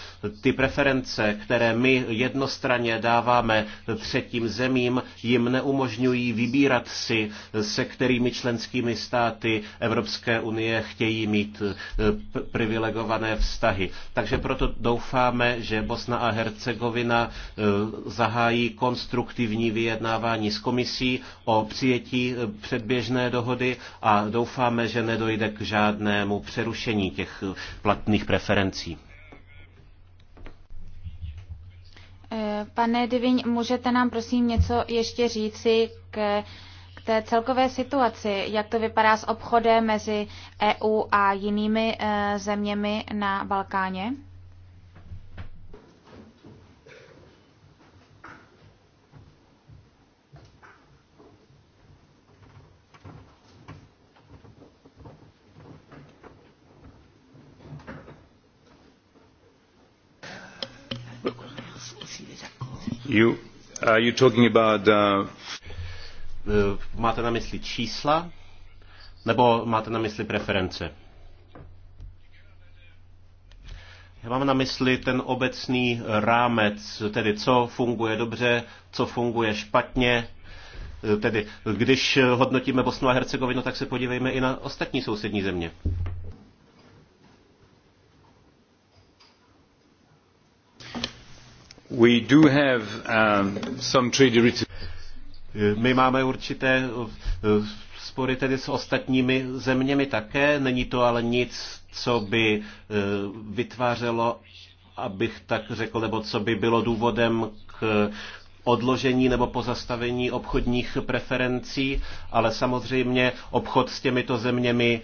Ty preference, které my jednostranně dáváme třetím zemím, jim neumožňují vybírat si, eh, se kterými členskými státy Evropské unie chtějí mít eh, privilegované vztahy. Takže proto doufáme, že Bosna a Hercegovina zahájí konstruktivní vyjednávání s komisí o přijetí předběžné dohody a doufáme, že nedojde k žádné případnému přerušení těch eh, platných preferencí. Eh, pane Diviň, můžete nám prosím něco ještě říci k, k té celkové situaci, jak to vypadá s obchodem mezi EU a jinými eh, zeměmi na Balkáně? You, are you talking about, uh... Máte na mysli čísla? Nebo máte na mysli preference? Já mám na mysli ten obecný rámec, tedy co funguje dobře, co funguje špatně. Tedy když hodnotíme Bosnu a Hercegovinu, tak se podívejme i na ostatní sousední země. Um, eh, my máme určité eh, spory tedy s ostatními zeměmi také, není to ale nic, co by eh, vytvářelo abych tak řekl, nebo co by bylo důvodem k odložení nebo pozastavení obchodních preferencí, ale samozřejmě obchod s těmito zeměmi e,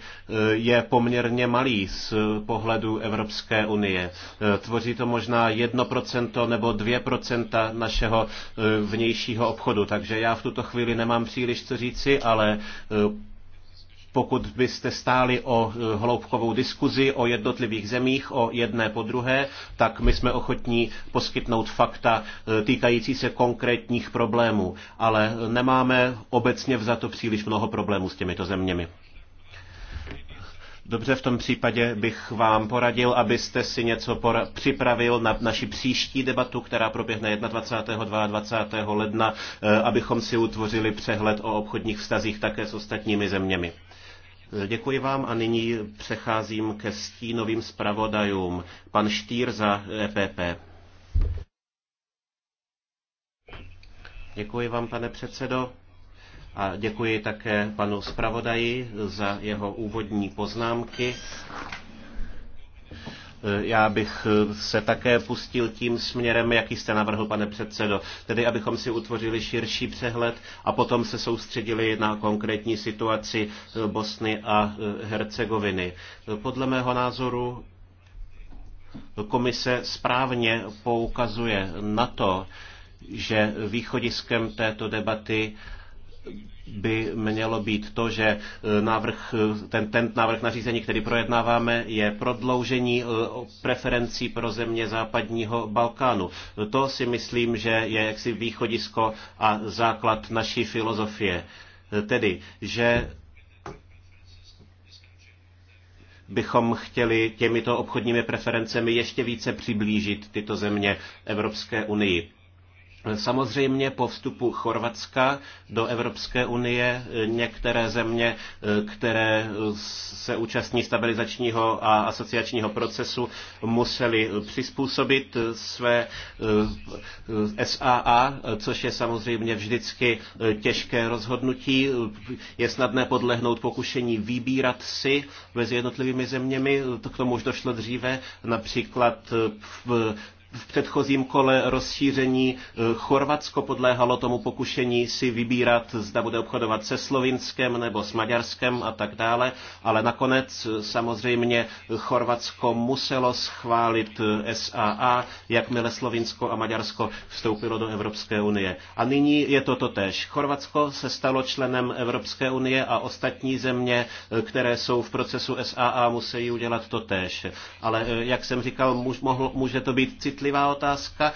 je poměrně malý z pohledu Evropské unie. E, tvoří to možná 1% nebo 2% našeho e, vnějšího obchodu, takže já v tuto chvíli nemám příliš co říci, ale pokud byste stáli o eh, hloubkovou diskuzi o jednotlivých zemích, o jedné po druhé, tak my jsme ochotní poskytnout fakta eh, týkající se konkrétních problémů, ale eh, nemáme obecně vzato příliš mnoho problémů s těmito zeměmi. Dobře, v tom případě bych vám poradil, abyste si něco připravil na naši příští debatu, která proběhne 21. 22. ledna, abychom si utvořili přehled o obchodních vztazích také s ostatními zeměmi. Děkuji vám a nyní přecházím ke stínovým zpravodajům. Pan Štýr za EPP. Děkuji vám, pane předsedo. A děkuji také panu zpravodaji za jeho úvodní poznámky Eh, já bych eh, se také pustil tím směrem, jaký jste navrhl, pane předsedo, tedy abychom si utvořili širší přehled a potom se soustředili na konkrétní situaci eh, Bosny a Hercegoviny. Podle mého názoru komise správně poukazuje na to, že východiskem této debaty by mělo být to, že e, návrh, e, ten, ten návrh nařízení, který projednáváme, je prodloužení e, preferencí pro země západního Balkánu. To si myslím, že je jaksi východisko a základ naší filozofie. Tedy, že bychom chtěli těmito obchodními preferencemi ještě více přiblížit tyto země Evropské unii. Samozřejmě po vstupu Chorvatska do Evropské unie eh, některé země, eh, které eh, se účastní stabilizačního a asociačního procesu, museli přizpůsobit své SAA, což je samozřejmě vždycky těžké rozhodnutí. Je snadné podlehnout pokušení vybírat si mezi jednotlivými zeměmi, to k tomu už došlo dříve, například v v předchozím kole rozšíření eh, Chorvatsko podléhalo tomu pokušení si vybírat, zda bude obchodovat se Slovinskem nebo s Maďarskem a tak dále, ale nakonec eh, samozřejmě Chorvatsko muselo schválit eh, SAA, jakmile Slovinsko a Maďarsko vstoupilo do Evropské unie. A nyní je to totéž. Chorvatsko se stalo členem Evropské unie a ostatní země, které jsou v procesu SAA, musí udělat totéž. Ale jak jsem říkal, může to být citlivý citlivá otázka,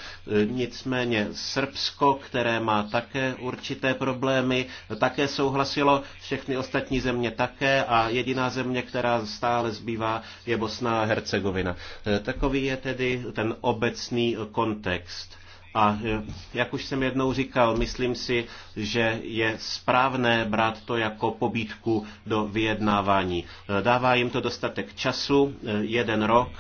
nicméně Srbsko, které má také určité problémy, také souhlasilo, všechny ostatní země také a jediná země, která stále zbývá, je Bosna a Hercegovina. Eh, takový je tedy ten obecný kontext. A eh, jak už jsem jednou říkal, myslím si, že je správné brát to jako pobídku do vyjednávání. Eh, dává jim to dostatek času, jeden rok,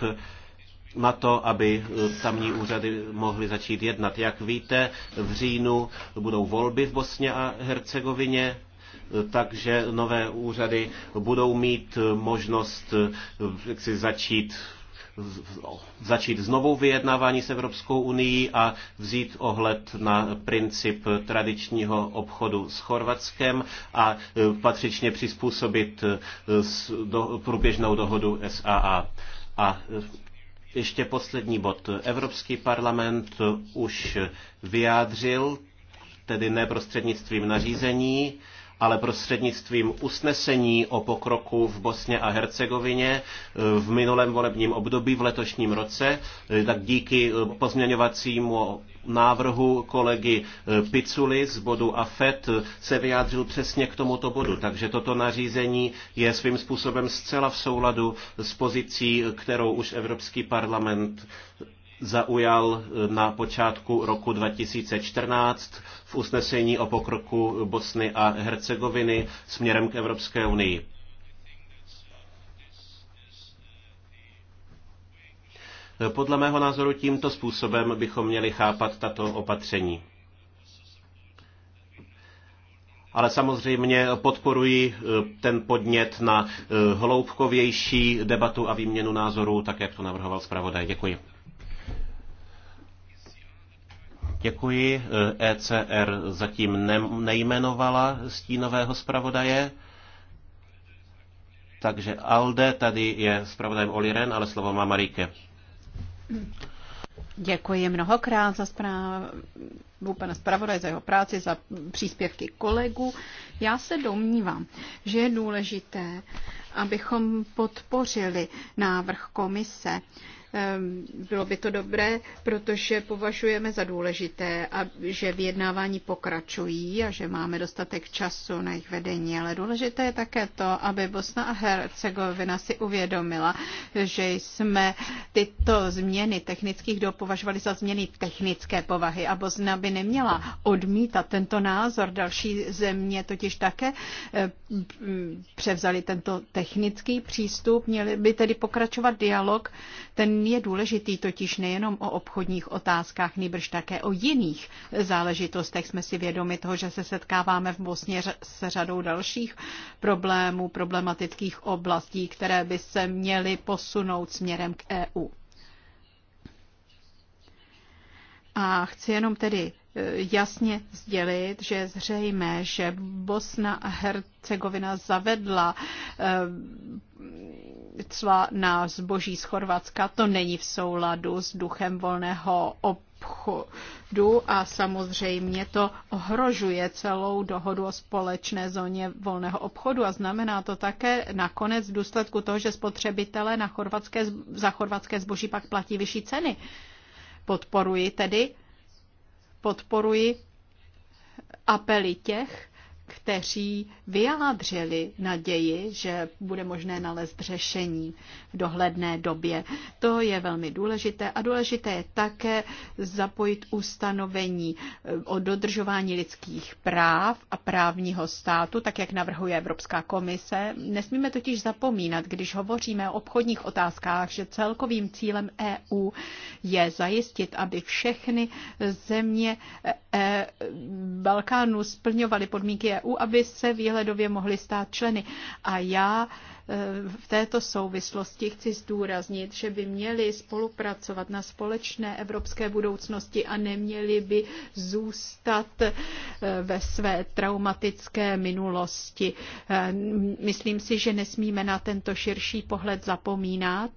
na to, aby eh, tamní úřady mohly začít jednat. Jak víte, v říjnu budou volby v Bosně a Hercegovině, eh, takže nové úřady budou mít eh, možnost jak si začít začít znovu vyjednávání s Evropskou unii a vzít ohled na princip tradičního obchodu s Chorvatskem a patřičně přizpůsobit průběžnou dohodu SAA. A ještě poslední bod. Evropský parlament už vyjádřil, tedy ne prostřednictvím nařízení, ale prostřednictvím usnesení o pokroku v Bosně a Hercegovině eh, v minulém volebním období v letošním roce, eh, tak díky eh, pozměňovacímu návrhu kolegy Piculi z bodu AFET se vyjádřil přesně k tomuto bodu. Takže toto nařízení je svým způsobem zcela v souladu s pozicí, kterou už Evropský parlament zaujal eh, na počátku roku 2014 v usnesení o pokroku Bosny a Hercegoviny směrem k Evropské unii. Eh, podle mého názoru tímto způsobem bychom měli chápat tato opatření. Ale samozřejmě podporuji eh, ten podnět na hloubkovější debatu a výměnu názorů, tak jak to navrhoval zpravodaj. Děkuji. Děkuji. ECR e zatím ne- nejmenovala stínového zpravodaje. Takže Alde, tady je zpravodajem Oliren, ale slovo má Marike. Děkuji mnohokrát za zprávu pana zpravodaj, za jeho práci, za příspěvky kolegů. Já se domnívám, že je důležité, abychom podpořili návrh komise Ehm, bylo by to dobré, protože považujeme za důležité, že vyjednávání pokračují a že máme dostatek času na jejich vedení, ale důležité je také to, aby Bosna a Hercegovina si uvědomila, že jsme tyto změny technických dob považovali za změny technické povahy a Bosna by neměla odmítat tento názor. Další země totiž také eh, převzali tento technický přístup, měli by tedy pokračovat dialog, ten je důležitý totiž nejenom o obchodních otázkách, nýbrž také o jiných záležitostech. Jsme si vědomi toho, že se setkáváme v Bosně se řadou dalších problémů, problematických oblastí, které by se měly posunout směrem k EU. A chci jenom tedy e, jasně sdělit, že je zřejmé, že Bosna a Hercegovina zavedla e, cla na zboží z Chorvatska, to není v souladu s duchem volného obchodu a samozřejmě to ohrožuje celou dohodu o společné zóně volného obchodu a znamená to také nakonec v důsledku toho, že spotřebitelé na chorvatské, za chorvatské zboží pak platí vyšší ceny. Podporuji tedy, podporuji apely těch, kteří vyjádřili naději, že bude možné nalézt řešení v dohledné době. To je velmi důležité a důležité je také zapojit ustanovení eh, o dodržování lidských práv a právního státu, tak jak navrhuje Evropská komise. Nesmíme totiž zapomínat, když hovoříme o obchodních otázkách, že celkovým cílem EU je zajistit, aby všechny země eh, eh, Balkánu splňovaly podmínky EU, aby se výhledově mohly stát členy. A já eh, v této souvislosti chci zdůraznit, že by měli spolupracovat na společné evropské budoucnosti a neměli by zůstat eh, ve své traumatické minulosti. Eh, myslím si, že nesmíme na tento širší pohled zapomínat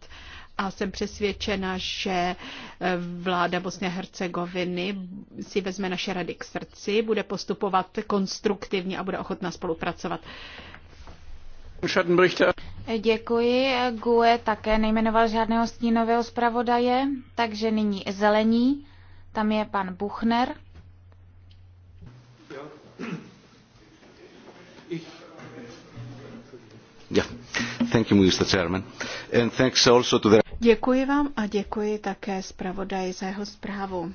a jsem přesvědčena, že eh, vláda Bosně a Hercegoviny si vezme naše rady k srdci, bude postupovat konstruktivně a bude ochotná spolupracovat. Děkuji. GUE také nejmenoval žádného stínového zpravodaje, takže nyní zelení. Tam je pan Buchner. Yeah. Thank you, Mr. Chairman. And thanks also to the Děkuji vám a děkuji také zpravodaji za jeho zprávu.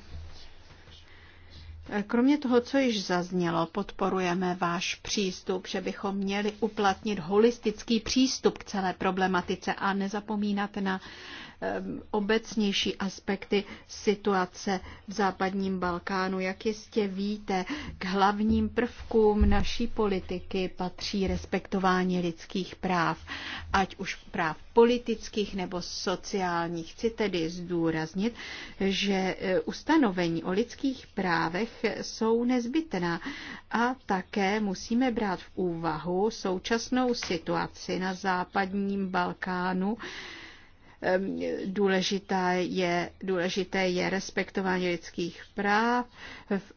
Kromě toho, co již zaznělo, podporujeme váš přístup, že bychom měli uplatnit holistický přístup k celé problematice a nezapomínat na Eh, obecnější aspekty situace v západním Balkánu. Jak jistě víte, k hlavním prvkům naší politiky patří respektování lidských práv, ať už práv politických nebo sociálních. Chci tedy zdůraznit, že eh, ustanovení o lidských právech jsou nezbytná a také musíme brát v úvahu současnou situaci na západním Balkánu, Ehm, důležité je, důležité je respektování lidských práv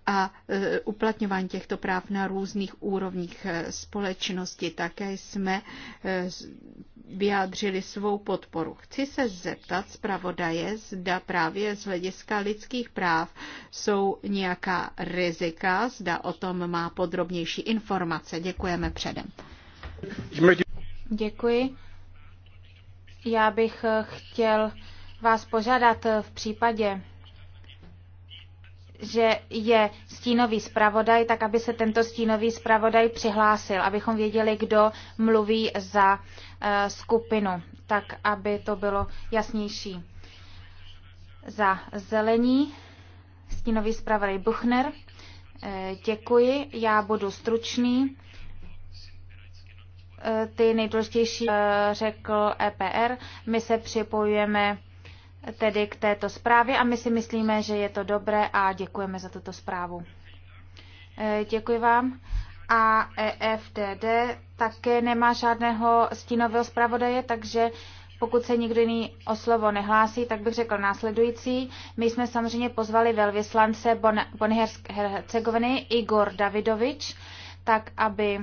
a e, uplatňování těchto práv na různých úrovních e, společnosti. Také jsme e, vyjádřili svou podporu. Chci se zeptat zpravodaje, zda právě z hlediska lidských práv jsou nějaká rizika, zda o tom má podrobnější informace. Děkujeme předem. Děkuji. Já bych eh, chtěl vás požádat eh, v případě, že je stínový zpravodaj, tak aby se tento stínový zpravodaj přihlásil, abychom věděli, kdo mluví za eh, skupinu, tak aby to bylo jasnější. Za zelení stínový zpravodaj Buchner. Děkuji, já budu stručný ty nejdůležitější eh, řekl EPR. My se připojujeme tedy k této zprávě a my si myslíme, že je to dobré a děkujeme za tuto zprávu. Eh, děkuji vám. A EFDD také nemá žádného stínového zpravodaje, takže pokud se nikdo jiný o slovo nehlásí, tak bych řekl následující. My jsme samozřejmě pozvali velvyslance Bonhersk-Hercegoviny Igor Davidovič, tak aby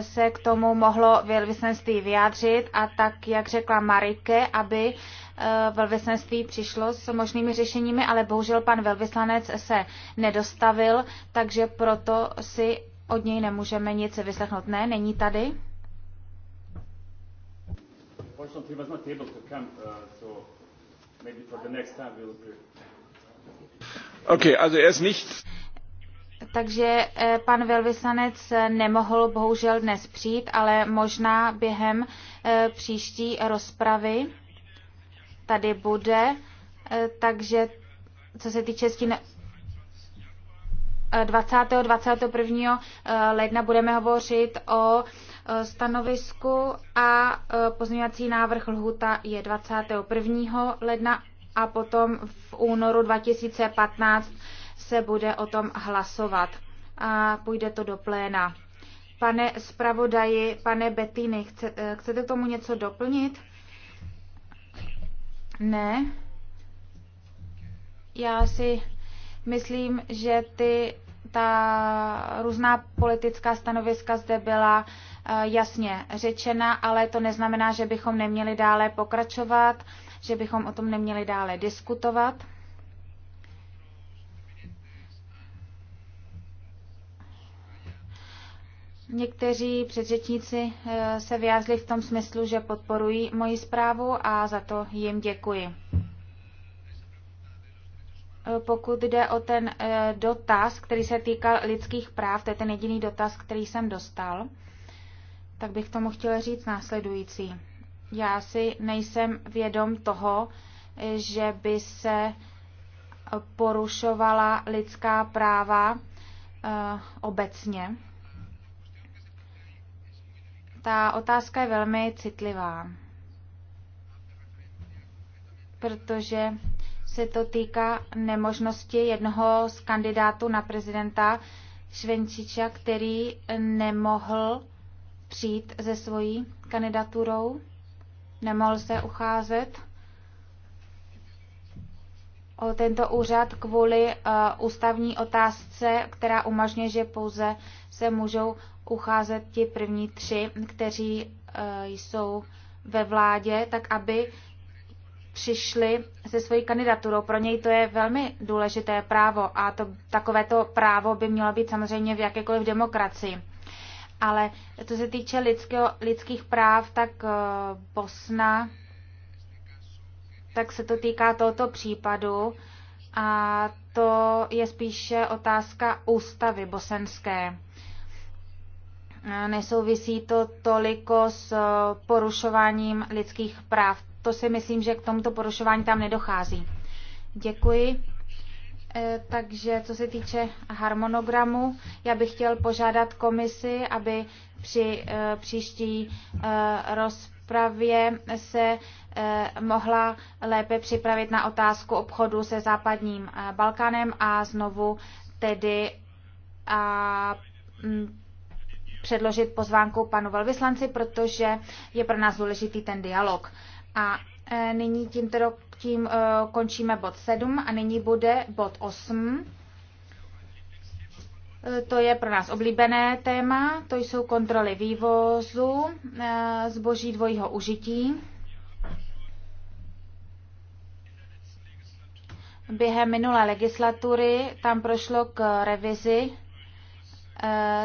se k tomu mohlo velvyslanství vyjádřit a tak, jak řekla Marike, aby eh, velvyslanství přišlo s možnými řešeními, ale bohužel pan velvyslanec se nedostavil, takže proto si od něj nemůžeme nic vyslechnout. Ne, není tady. Eh, okay, also er ist nicht takže eh, pan velvyslanec eh, nemohl bohužel dnes přijít, ale možná během eh, příští rozpravy tady bude. Takže co se týče stín 20. 21. ledna budeme hovořit o stanovisku a pozměňovací návrh lhuta je 21. ledna a potom v únoru 2015 se bude o tom hlasovat a půjde to do pléna. Pane zpravodaji, pane Betýny, eh, chcete tomu něco doplnit? Ne. Já si myslím, že ty, ta různá politická stanoviska zde byla eh, jasně řečena, ale to neznamená, že bychom neměli dále pokračovat, že bychom o tom neměli dále diskutovat. Někteří předřečníci eh, se vyjádřili v tom smyslu, že podporují moji zprávu a za to jim děkuji. Eh, pokud jde o ten eh, dotaz, který se týkal lidských práv, to je ten jediný dotaz, který jsem dostal, tak bych tomu chtěla říct následující. Já si nejsem vědom toho, že by se porušovala lidská práva obecně ta otázka je velmi citlivá, protože se to týká nemožnosti jednoho z kandidátů na prezidenta Švenčiča, který nemohl přijít se svojí kandidaturou, nemohl se ucházet o tento úřad kvůli eh, ústavní otázce, která umožňuje, že pouze se můžou ucházet ti první tři, kteří e, jsou ve vládě, tak aby přišli se svojí kandidaturou. Pro něj to je velmi důležité právo a to, takovéto právo by mělo být samozřejmě v jakékoliv demokracii. Ale co se týče lidského, lidských práv, tak e, Bosna, tak se to týká tohoto případu a to je spíše otázka ústavy bosenské. Eh, nesouvisí to toliko s eh, porušováním lidských práv. To si myslím, že k tomuto porušování tam nedochází. Děkuji. Eh, takže co se týče harmonogramu, já bych chtěl požádat komisi, aby při příští rozpravě se mohla lépe připravit na otázku obchodu se západním Balkánem a znovu tedy a mm, předložit pozvánku panu velvyslanci, protože je pro nás důležitý ten dialog. A e, nyní tím tedy tím končíme bod 7 a nyní bude bod 8. E, to je pro nás oblíbené téma, to jsou kontroly vývozu e, zboží dvojího užití. Během minulé legislatury tam prošlo k revizi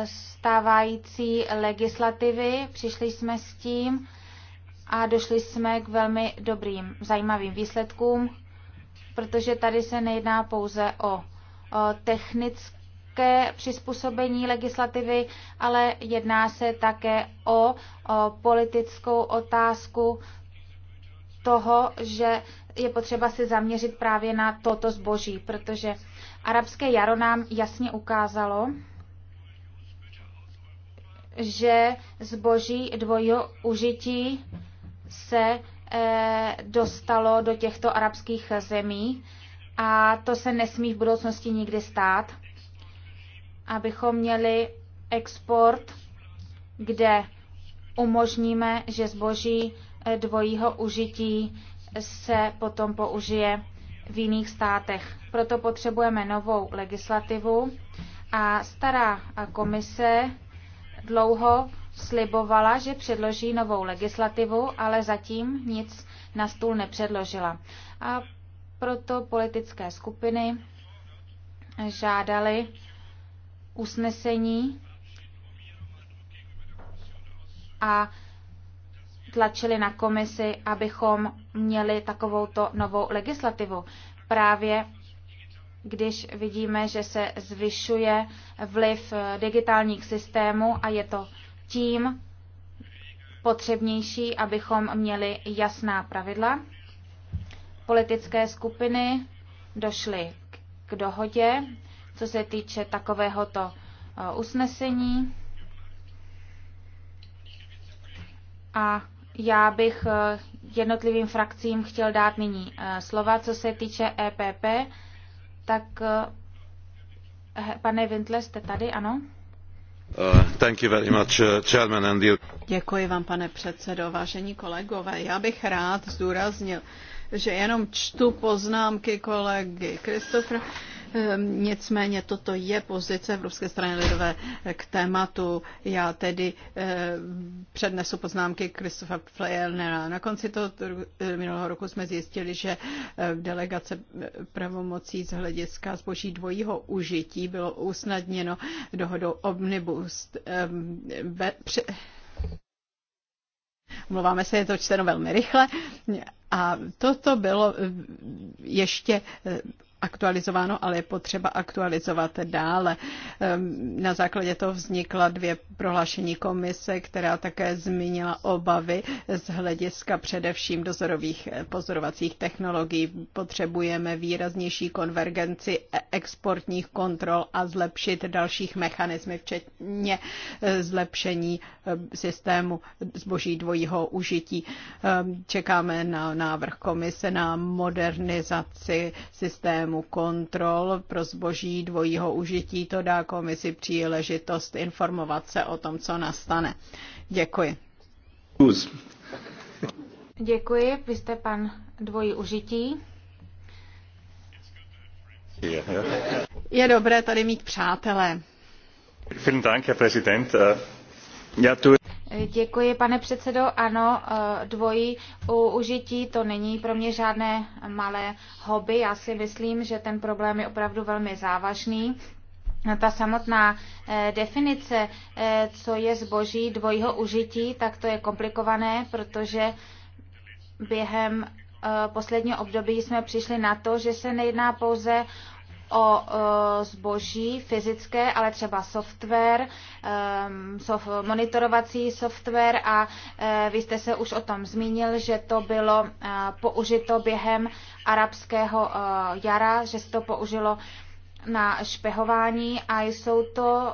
stávající legislativy, přišli jsme s tím a došli jsme k velmi dobrým, zajímavým výsledkům, protože tady se nejedná pouze o, o technické přizpůsobení legislativy, ale jedná se také o, o politickou otázku toho, že je potřeba se zaměřit právě na toto zboží, protože arabské jaro nám jasně ukázalo, že zboží dvojího užití se eh, dostalo do těchto arabských zemí a to se nesmí v budoucnosti nikdy stát, abychom měli export, kde umožníme, že zboží eh, dvojího užití se potom použije v jiných státech. Proto potřebujeme novou legislativu a stará eh, komise dlouho slibovala, že předloží novou legislativu, ale zatím nic na stůl nepředložila. A proto politické skupiny žádali usnesení a tlačili na komisi, abychom měli takovouto novou legislativu. Právě když vidíme, že se zvyšuje vliv eh, digitálních systémů a je to tím potřebnější, abychom měli jasná pravidla. Politické skupiny došly k dohodě, co se týče takovéhoto eh, usnesení. A já bych eh, jednotlivým frakcím chtěl dát nyní slova, co se týče EPP tak eh, pane Vintle, jste tady, ano? Uh, uh, Děkuji vám, pane předsedo. Vážení kolegové, já bych rád zdůraznil, že jenom čtu poznámky kolegy Kristofra Ehm, nicméně toto je pozice Evropské strany lidové eh, k tématu. Já tedy ehm, přednesu poznámky Kristofa Flejelnera. Na konci toho eh, minulého roku jsme zjistili, že eh, delegace pravomocí z hlediska zboží dvojího užití bylo usnadněno dohodou Omnibus. Ehm, mluváme se, je to čteno velmi rychle. A toto bylo ještě aktualizováno, ale je potřeba aktualizovat dále. Ehm, na základě toho vznikla dvě prohlášení komise, která také zmínila obavy z hlediska především dozorových eh, pozorovacích technologií. Potřebujeme výraznější konvergenci e- exportních kontrol a zlepšit dalších mechanismy, včetně eh, zlepšení eh, systému zboží dvojího užití. Ehm, čekáme na návrh komise na modernizaci systému systému kontrol pro zboží dvojího užití. To dá komisi příležitost informovat se o tom, co nastane. Děkuji. Us. Děkuji, vy jste pan dvojí užití. Je dobré tady mít přátelé. Vielen Dank, Herr Präsident. Ja, du Děkuji, pane předsedo. Ano, eh, dvojí užití to není pro mě žádné malé hobby. Já si myslím, že ten problém je opravdu velmi závažný. Ta samotná eh, definice, eh, co je zboží dvojího užití, tak to je komplikované, protože během posledního období jsme přišli na to, že se nejedná pouze o zboží fyzické, ale třeba software, ehm, monitorovací software a eh, vy jste se už o tom zmínil, že to bylo eh, použito během arabského eh, jara, že se to použilo na špehování a jsou to,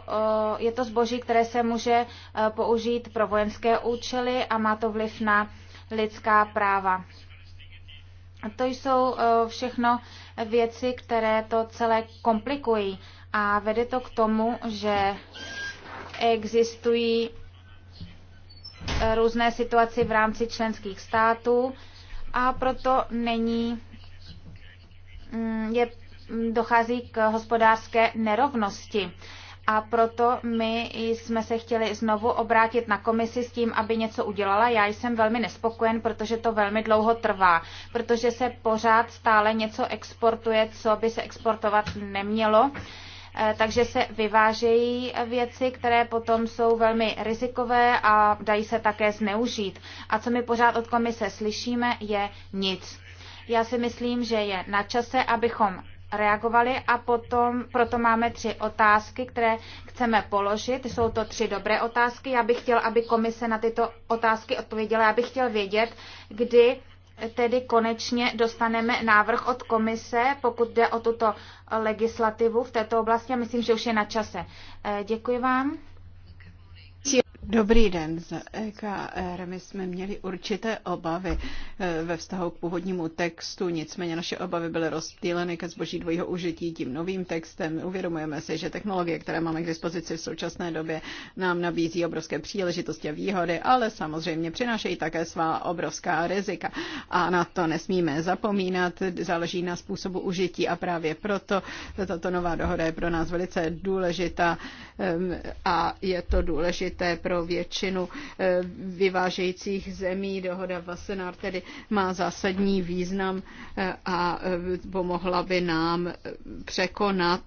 je to zboží, které se může použít pro vojenské účely a má to vliv na lidská práva. To jsou e, všechno věci, které to celé komplikují a vede to k tomu, že existují e, různé situaci v rámci členských států a proto není, mm, je, dochází k hospodářské nerovnosti a proto my jsme se chtěli znovu obrátit na komisi s tím, aby něco udělala. Já jsem velmi nespokojen, protože to velmi dlouho trvá, protože se pořád stále něco exportuje, co by se exportovat nemělo. Eh, takže se vyvážejí věci, které potom jsou velmi rizikové a dají se také zneužít. A co my pořád od komise slyšíme, je nic. Já si myslím, že je na čase, abychom reagovali a potom proto máme tři otázky, které chceme položit. Jsou to tři dobré otázky. Já bych chtěl, aby komise na tyto otázky odpověděla. Já bych chtěl vědět, kdy tedy konečně dostaneme návrh od komise, pokud jde o tuto legislativu v této oblasti. Myslím, že už je na čase. Eh, děkuji vám. Dobrý den. Z EKR my jsme měli určité obavy eh, ve vztahu k původnímu textu, nicméně naše obavy byly rozptýleny ke zboží dvojího užití tím novým textem. Uvědomujeme si, že technologie, které máme k dispozici v současné době, nám nabízí obrovské příležitosti a výhody, ale samozřejmě přinášejí také svá obrovská rizika. A na to nesmíme zapomínat, záleží na způsobu užití a právě proto tato nová dohoda je pro nás velice důležitá ehm, a je to důležité pro pro většinu eh, vyvážejících zemí. Dohoda Vasenár tedy má zásadní význam eh, a eh, pomohla by nám překonat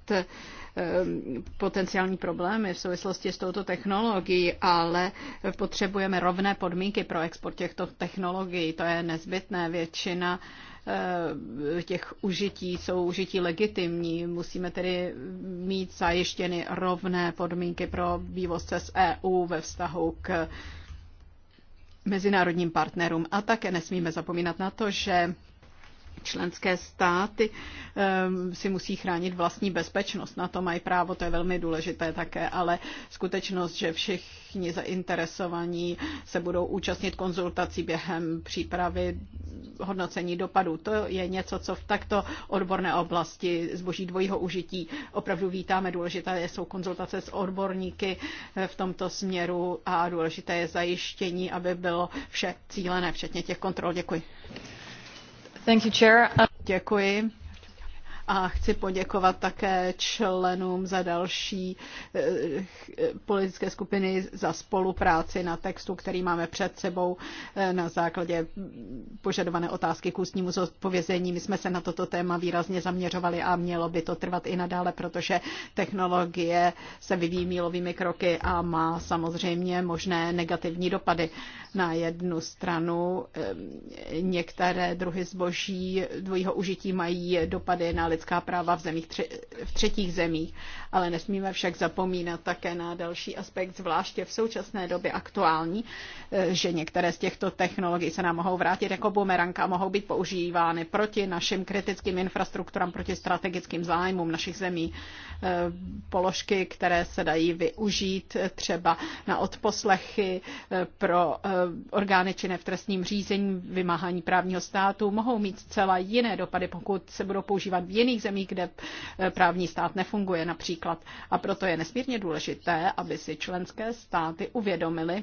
potenciální problémy v souvislosti s touto technologií, ale potřebujeme rovné podmínky pro export těchto technologií. To je nezbytné. Většina Eh, těch užití jsou užití legitimní. Musíme tedy mít zajištěny rovné podmínky pro vývozce z EU ve vztahu k mezinárodním partnerům. A také nesmíme zapomínat na to, že členské státy ehm, si musí chránit vlastní bezpečnost. Na to mají právo, to je velmi důležité také, ale skutečnost, že všichni zainteresovaní se budou účastnit konzultací během přípravy hodnocení dopadů, to je něco, co v takto odborné oblasti zboží dvojího užití opravdu vítáme. Důležité jsou konzultace s odborníky eh, v tomto směru a důležité je zajištění, aby bylo vše cílené, včetně těch kontrol. Děkuji. Thank you, Chair. Děkuji a chci poděkovat také členům za další eh, politické skupiny za spolupráci na textu, který máme před sebou eh, na základě požadované otázky k ústnímu zodpovězení. My jsme se na toto téma výrazně zaměřovali a mělo by to trvat i nadále, protože technologie se vyvíjí mílovými kroky a má samozřejmě možné negativní dopady. Na jednu stranu eh, některé druhy zboží dvojího užití mají dopady na lidská práva v, zemích tře- v třetích zemích. Ale nesmíme však zapomínat také na další aspekt, zvláště v současné době aktuální, eh, že některé z těchto technologií se nám mohou vrátit jako bumeranka a mohou být používány proti našim kritickým infrastrukturám, proti strategickým zájmům našich zemí. Eh, položky, které se dají využít eh, třeba na odposlechy pro orgány činné v trestním řízení, vymáhání právního státu, mohou mít zcela jiné dopady, pokud se budou používat v jiných jiných zemích, kde eh, právní stát nefunguje například. A proto je nesmírně důležité, aby si členské státy uvědomily,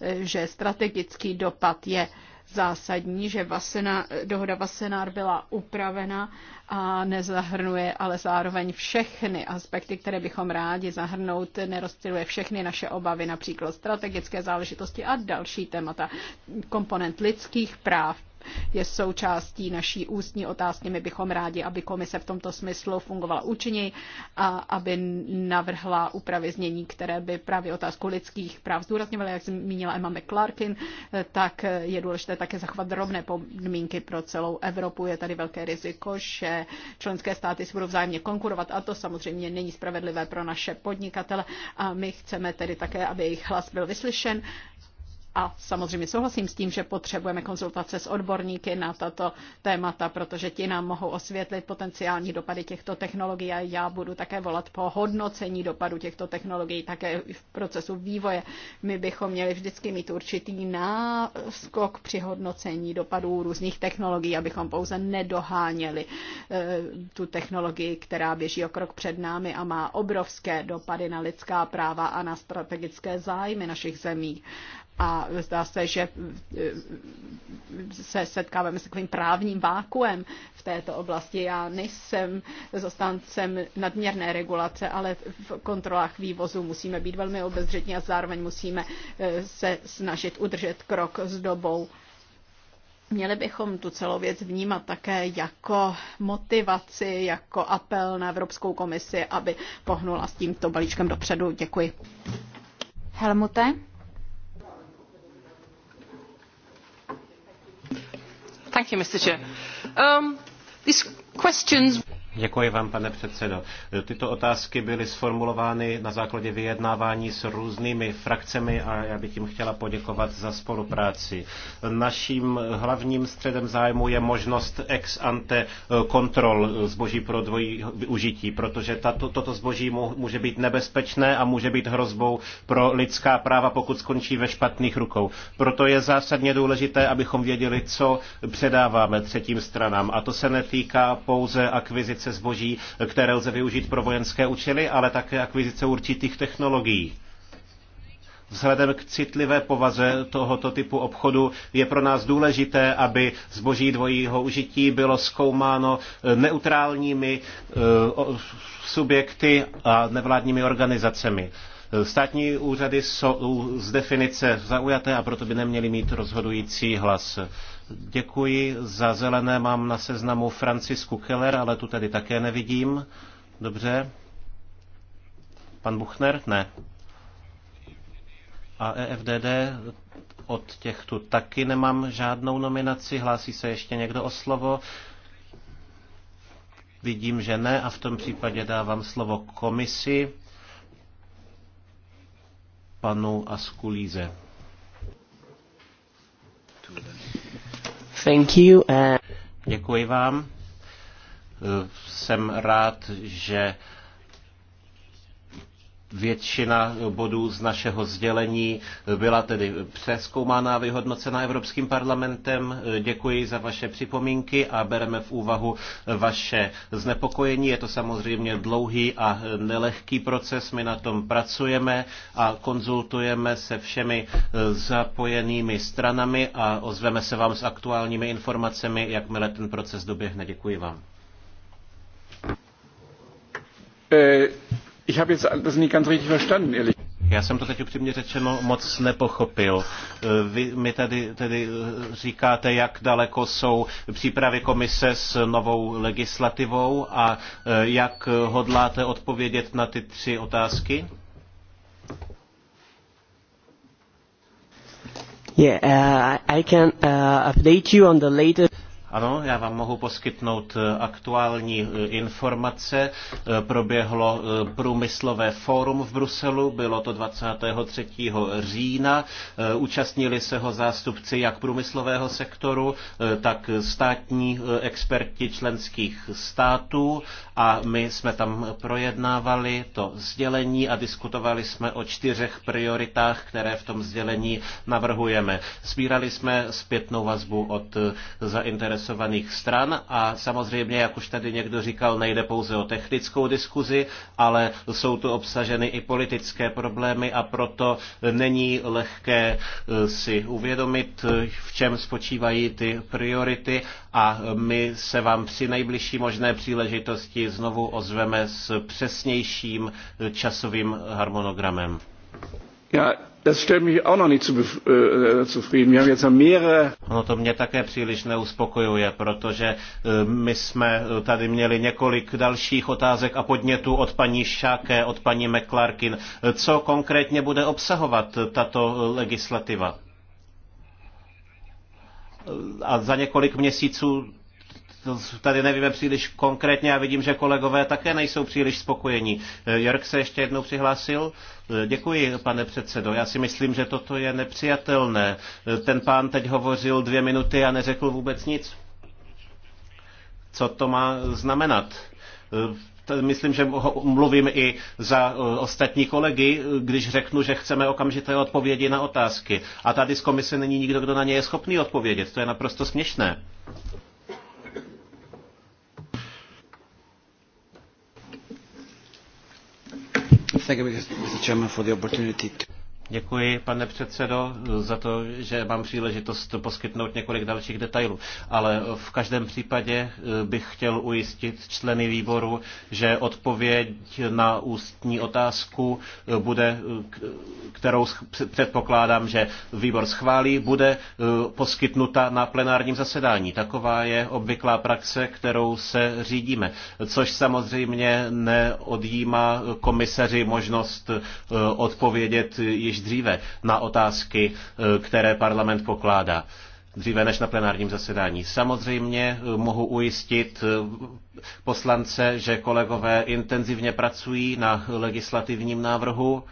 eh, že strategický dopad je zásadní, že Vasena, eh, dohoda Vasenár byla upravena a nezahrnuje ale zároveň všechny aspekty, které bychom rádi zahrnout, nerozptiluje všechny naše obavy, například strategické záležitosti a další témata, komponent lidských práv, je součástí naší ústní otázky. My bychom rádi, aby komise v tomto smyslu fungovala účinněji a aby navrhla úpravy znění, které by právě otázku lidských práv zdůrazněvaly. Jak zmínila Emma McClarkin, tak je důležité také zachovat rovné podmínky pro celou Evropu. Je tady velké riziko, že členské státy si budou vzájemně konkurovat a to samozřejmě není spravedlivé pro naše podnikatele a my chceme tedy také, aby jejich hlas byl vyslyšen a samozřejmě souhlasím s tím, že potřebujeme konzultace s odborníky na tato témata, protože ti nám mohou osvětlit potenciální dopady těchto technologií a já budu také volat po hodnocení dopadu těchto technologií také v procesu vývoje. My bychom měli vždycky mít určitý náskok při hodnocení dopadů různých technologií, abychom pouze nedoháněli eh, tu technologii, která běží o krok před námi a má obrovské dopady na lidská práva a na strategické zájmy našich zemí a zdá se, že e, se setkáváme s takovým právním vákuem v této oblasti. Já nejsem zastáncem nadměrné regulace, ale v kontrolách vývozu musíme být velmi obezřetní a zároveň musíme e, se snažit udržet krok s dobou. Měli bychom tu celou věc vnímat také jako motivaci, jako apel na Evropskou komisi, aby pohnula s tímto balíčkem dopředu. Děkuji. Helmute? Thank you, Mr. Chair. Um, these questions Děkuji vám, pane předsedo. Tyto otázky byly sformulovány na základě vyjednávání s různými frakcemi a já bych jim chtěla poděkovat za spolupráci. Naším hlavním středem zájmu je možnost ex ante kontrol zboží pro dvojí využití, protože tato, toto zboží může být nebezpečné a může být hrozbou pro lidská práva, pokud skončí ve špatných rukou. Proto je zásadně důležité, abychom věděli, co předáváme třetím stranám. A to se netýká pouze akvizice akvizice zboží, které lze využít pro vojenské účely, ale také akvizice určitých technologií. Vzhledem k citlivé povaze tohoto typu obchodu je pro nás důležité, aby zboží dvojího užití bylo zkoumáno eh, neutrálními eh, subjekty a nevládními organizacemi. Eh, státní úřady jsou z definice zaujaté a proto by neměly mít rozhodující hlas. Děkuji. Za zelené mám na seznamu Francisku Keller, ale tu tedy také nevidím. Dobře. Pan Buchner? Ne. A EFDD od těch tu taky nemám žádnou nominaci. Hlásí se ještě někdo o slovo? Vidím, že ne a v tom případě dávám slovo komisi panu Askulíze. Thank you. Uh, Děkuji vám. Jsem rád, že Většina bodů z našeho sdělení byla tedy přeskoumána a vyhodnocena Evropským parlamentem. Děkuji za vaše připomínky a bereme v úvahu vaše znepokojení. Je to samozřejmě dlouhý a nelehký proces. My na tom pracujeme a konzultujeme se všemi zapojenými stranami a ozveme se vám s aktuálními informacemi, jakmile ten proces doběhne. Děkuji vám. Eh, Ich habe jetzt das nicht ganz richtig verstanden, ehrlich. Já jsem to teď upřímně řečeno moc nepochopil. E, vy mi tady, tady e, říkáte, jak daleko jsou přípravy komise s novou legislativou a e, jak hodláte odpovědět na ty tři otázky? Yeah, uh, I can uh, update you on the latest. Ano, já vám mohu poskytnout e, aktuální e, informace. E, proběhlo průmyslové fórum v Bruselu, bylo to 23. října. Účastnili se ho zástupci jak průmyslového sektoru, tak státní experti členských států a my jsme tam projednávali to sdělení a diskutovali jsme o čtyřech prioritách, které v tom sdělení navrhujeme. Sbírali jsme zpětnou vazbu od zainteresovaných zainteresovaných stran a samozřejmě, jak už tady někdo říkal, nejde pouze o technickou diskuzi, ale jsou tu obsaženy i politické problémy a proto není lehké eh, si uvědomit, eh, v čem spočívají ty priority a eh, my se vám při nejbližší možné příležitosti znovu ozveme s přesnějším časovým harmonogramem. Já Das stellt mich auch noch nicht zu, äh, äh, zufrieden. Wir haben jetzt mehrere... No to mě také příliš neuspokojuje, protože eh, my jsme eh, tady měli několik dalších otázek a podnětů od paní Šáke, od paní McClarkin. Eh, co konkrétně bude obsahovat tato legislativa? A za několik měsíců tady nevíme příliš konkrétně a vidím, že kolegové také nejsou příliš spokojení. Eh, Jörg se ještě jednou přihlásil. Eh, děkuji, pane předsedo. Já si myslím, že toto je nepřijatelné. Eh, ten pán teď hovořil dvě minuty a neřekl vůbec nic. Co to má znamenat? myslím, že mluvím i za ostatní kolegy, když řeknu, že chceme okamžité odpovědi na otázky. A tady z komise není nikdo, kdo na ně je schopný odpovědět. To je naprosto směšné. Thank you, Mr. Chairman, for the opportunity to... Děkuji, pane předsedo, za to, že mám příležitost poskytnout několik dalších detailů. Ale v každém případě eh, bych chtěl ujistit členy výboru, že odpověď na ústní otázku eh, bude, eh, kterou předpokládám, že výbor schválí, bude poskytnuta na plenárním zasedání. Taková je obvyklá praxe, kterou se řídíme. Což samozřejmě neodjímá komisaři možnost odpovědět již již dříve na otázky, eh, které parlament pokládá dříve než na plenárním zasedání. Samozřejmě eh, mohu ujistit eh, poslance, že kolegové intenzivně pracují na legislativním návrhu.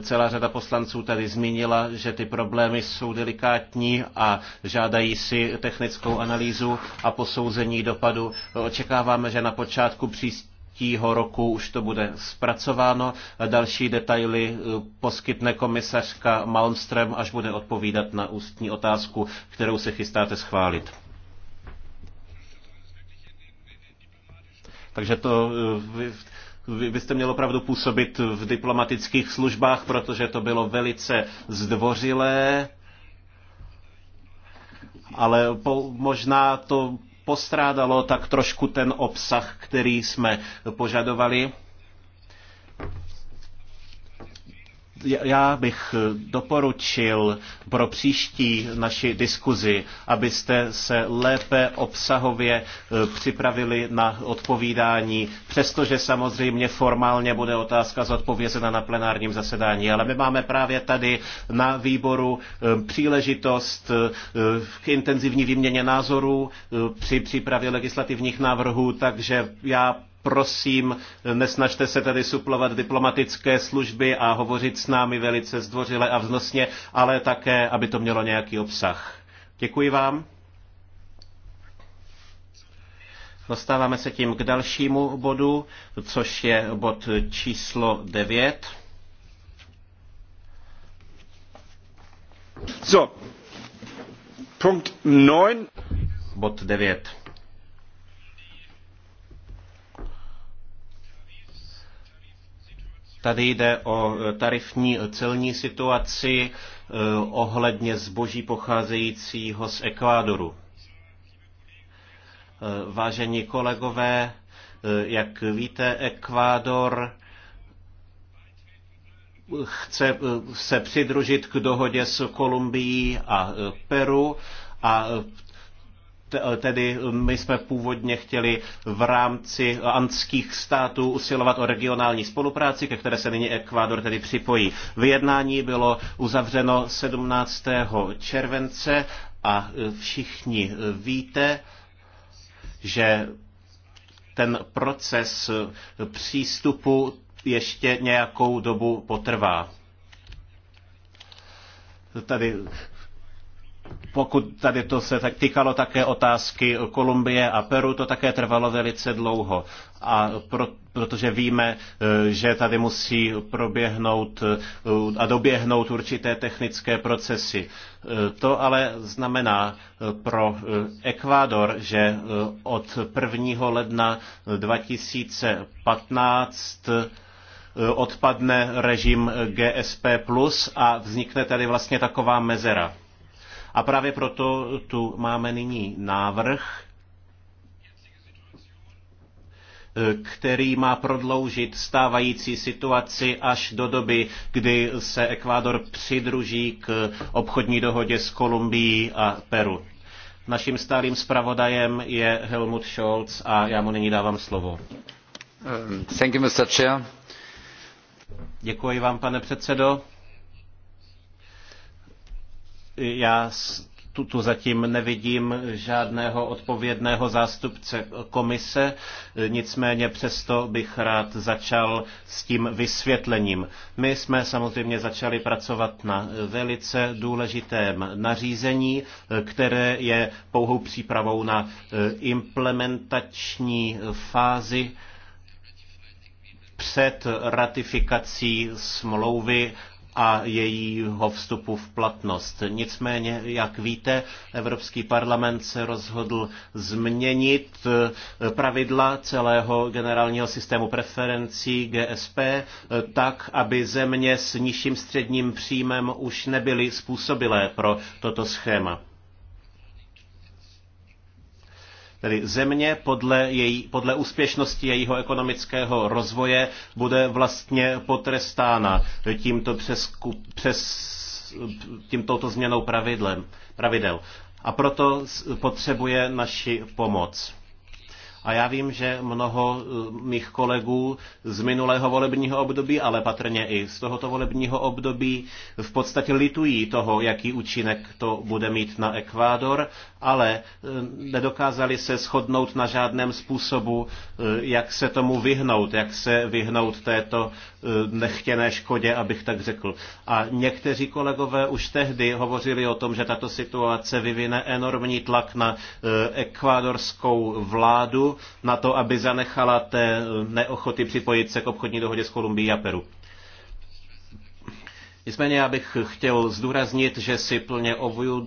Celá řada poslanců tady zmínila, že ty problémy jsou delikátní a žádají si technickou analýzu a posouzení dopadu. Očekáváme, že na počátku příští příštího roku už to bude zpracováno. Další detaily eh, poskytne komisařka Malmström, až bude odpovídat na ústní otázku, kterou se chystáte schválit. Takže to eh, vy, vy, vy jste měl opravdu působit v diplomatických službách, protože to bylo velice zdvořilé ale po, možná to postrádalo tak trošku ten obsah, který jsme požadovali. já bych eh, doporučil pro příští naši diskuzi, abyste se lépe obsahově eh, připravili na odpovídání, přestože samozřejmě formálně bude otázka zodpovězena na plenárním zasedání. Ale my máme právě tady na výboru eh, příležitost k intenzivní výměně názorů při přípravě legislativních návrhů, takže já prosím, nesnažte se tady suplovat diplomatické služby a hovořit s námi velice zdvořile a vznosně, ale také, aby to mělo nějaký obsah. Děkuji vám. Dostáváme se tím k dalšímu bodu, což je bod číslo 9. So, punkt 9. Bod 9. Tady jde o e, tarifní e, celní situaci e, ohledně zboží pocházejícího z Ekvádoru. Vážení kolegové, jak víte, Ekvádor chce se přidružit k dohodě s Kolumbií a Peru a Eh, tedy eh, my jsme původně chtěli v rámci andských států usilovat o regionální spolupráci, ke které se nyní Ekvádor tedy připojí. Vyjednání bylo uzavřeno 17. července a eh, všichni víte, že ten proces přístupu ještě nějakou dobu potrvá. Tady pokud tady to se tak týkalo také otázky Kolumbie a Peru, to také trvalo velice dlouho. A pro, protože víme, eh, že tady musí proběhnout eh, a doběhnout určité technické procesy. Eh, to ale znamená pro Ekvádor, že od 1. ledna 2015 odpadne režim GSP+, a vznikne tady vlastně taková mezera. A právě proto tu máme nyní návrh, který má prodloužit stávající situaci až do doby, kdy se Ekvádor přidruží k obchodní dohodě s Kolumbií a Peru. Naším stálým zpravodajem je Helmut Scholz a já mu nyní dávám slovo. Thank you, Mr. Chair. Děkuji vám, pane předsedo. Já tu, tu zatím nevidím žádného odpovědného zástupce komise, nicméně přesto bych rád začal s tím vysvětlením. My jsme samozřejmě začali pracovat na velice důležitém nařízení, které je pouhou přípravou na eh, implementační fázi před ratifikací smlouvy a jejího vstupu v platnost. Nicméně, jak víte, Evropský parlament se rozhodl změnit eh, pravidla celého generálního systému preferencí GSP eh, tak, aby země s nižším středním příjmem už nebyly způsobilé pro toto schéma. Tedy země podle, její, podle úspěšnosti jejího ekonomického rozvoje bude vlastně potrestána tímto přesku, přes, tím touto změnou pravidlem, pravidel. A proto potřebuje naši pomoc. A já vím, že mnoho eh, mých kolegů z minulého volebního období, ale patrně i z tohoto volebního období, v podstatě litují toho, jaký účinek to bude mít na Ekvádor, ale eh, nedokázali se shodnout na žádném způsobu, eh, jak se tomu vyhnout, jak se vyhnout této Eh, nechtěné škodě, abych tak řekl. A někteří kolegové už tehdy hovořili o tom, že tato situace vyvine enormní tlak na eh, ekvádorskou vládu, na to, aby zanechala té eh, neochoty připojit se k obchodní dohodě s Kolumbií a Peru. Nicméně já bych chtěl zdůraznit, že si plně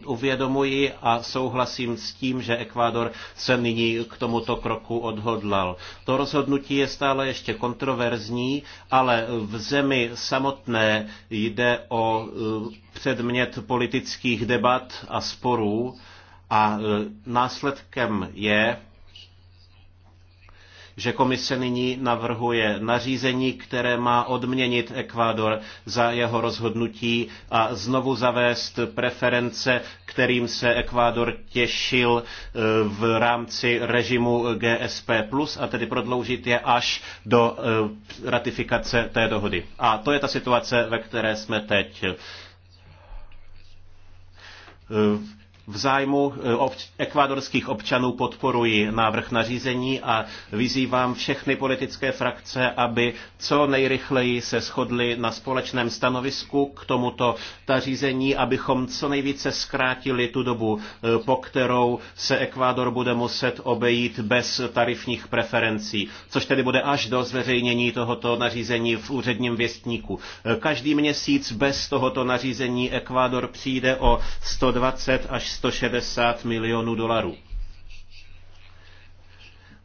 uvědomuji a souhlasím s tím, že Ekvádor se nyní k tomuto kroku odhodlal. To rozhodnutí je stále ještě kontroverzní, ale v zemi samotné jde o e, předmět politických debat a sporů a e, následkem je, že komise nyní navrhuje nařízení, které má odměnit Ekvádor za jeho rozhodnutí a znovu zavést preference, kterým se Ekvádor těšil eh, v rámci režimu GSP+, a tedy prodloužit je až do eh, ratifikace té dohody. A to je ta situace, ve které jsme teď eh, v zájmu eh, ekvádorských občanů podporuji návrh nařízení a vyzývám všechny politické frakce, aby co nejrychleji se shodly na společném stanovisku k tomuto nařízení, abychom co nejvíce zkrátili tu dobu, eh, po kterou se Ekvádor bude muset obejít bez tarifních preferencí, což tedy bude až do zveřejnění tohoto nařízení v úředním věstníku. Eh, každý měsíc bez tohoto nařízení Ekvádor přijde o 120 až 160 milionů dolarů.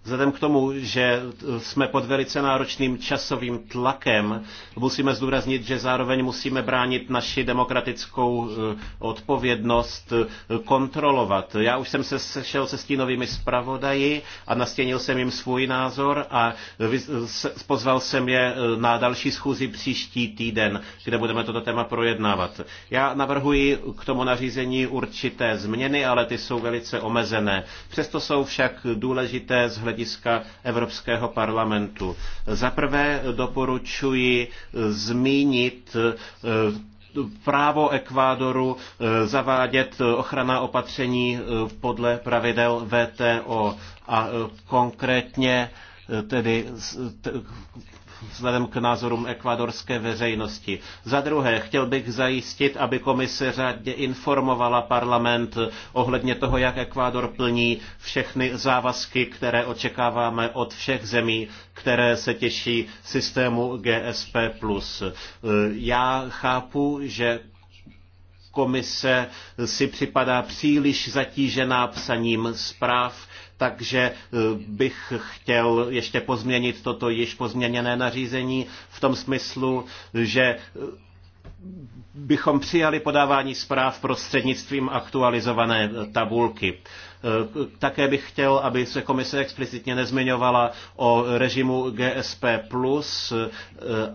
Vzhledem k tomu, že jsme pod velice náročným časovým tlakem, musíme zdůraznit, že zároveň musíme bránit naši demokratickou eh, odpovědnost eh, kontrolovat. Já už jsem se sešel se stínovými zpravodaji a nastěnil jsem jim svůj názor a pozval jsem je eh, na další schůzi příští týden, kde budeme toto téma projednávat. Já navrhuji k tomu nařízení určité změny, ale ty jsou velice omezené. Přesto jsou však důležité z hlediska Evropského parlamentu. Za prvé doporučuji zmínit eh, právo Ekvádoru eh, zavádět ochrana opatření eh, podle pravidel VTO a konkrétně tedy vzhledem k názorům ekvadorské veřejnosti. Za druhé, chtěl bych zajistit, aby komise řádně informovala parlament ohledně toho, jak Ekvádor plní všechny závazky, které očekáváme od všech zemí, které se těší systému GSP+. Já chápu, že komise si připadá příliš zatížená psaním zpráv, takže eh, bych chtěl ještě pozměnit toto již pozměněné nařízení v tom smyslu, že eh, bychom přijali podávání zpráv prostřednictvím aktualizované tabulky. Eh, také bych chtěl, aby se komise explicitně nezmiňovala o režimu GSP+,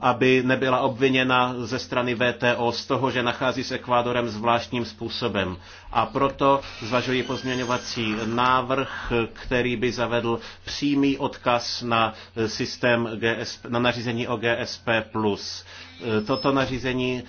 aby nebyla obviněna ze strany VTO z toho, že nachází s Ekvádorem zvláštním způsobem a proto zvažuji pozměňovací návrh, který by zavedl přímý odkaz na systém GSP, na nařízení o GSP+. Toto nařízení,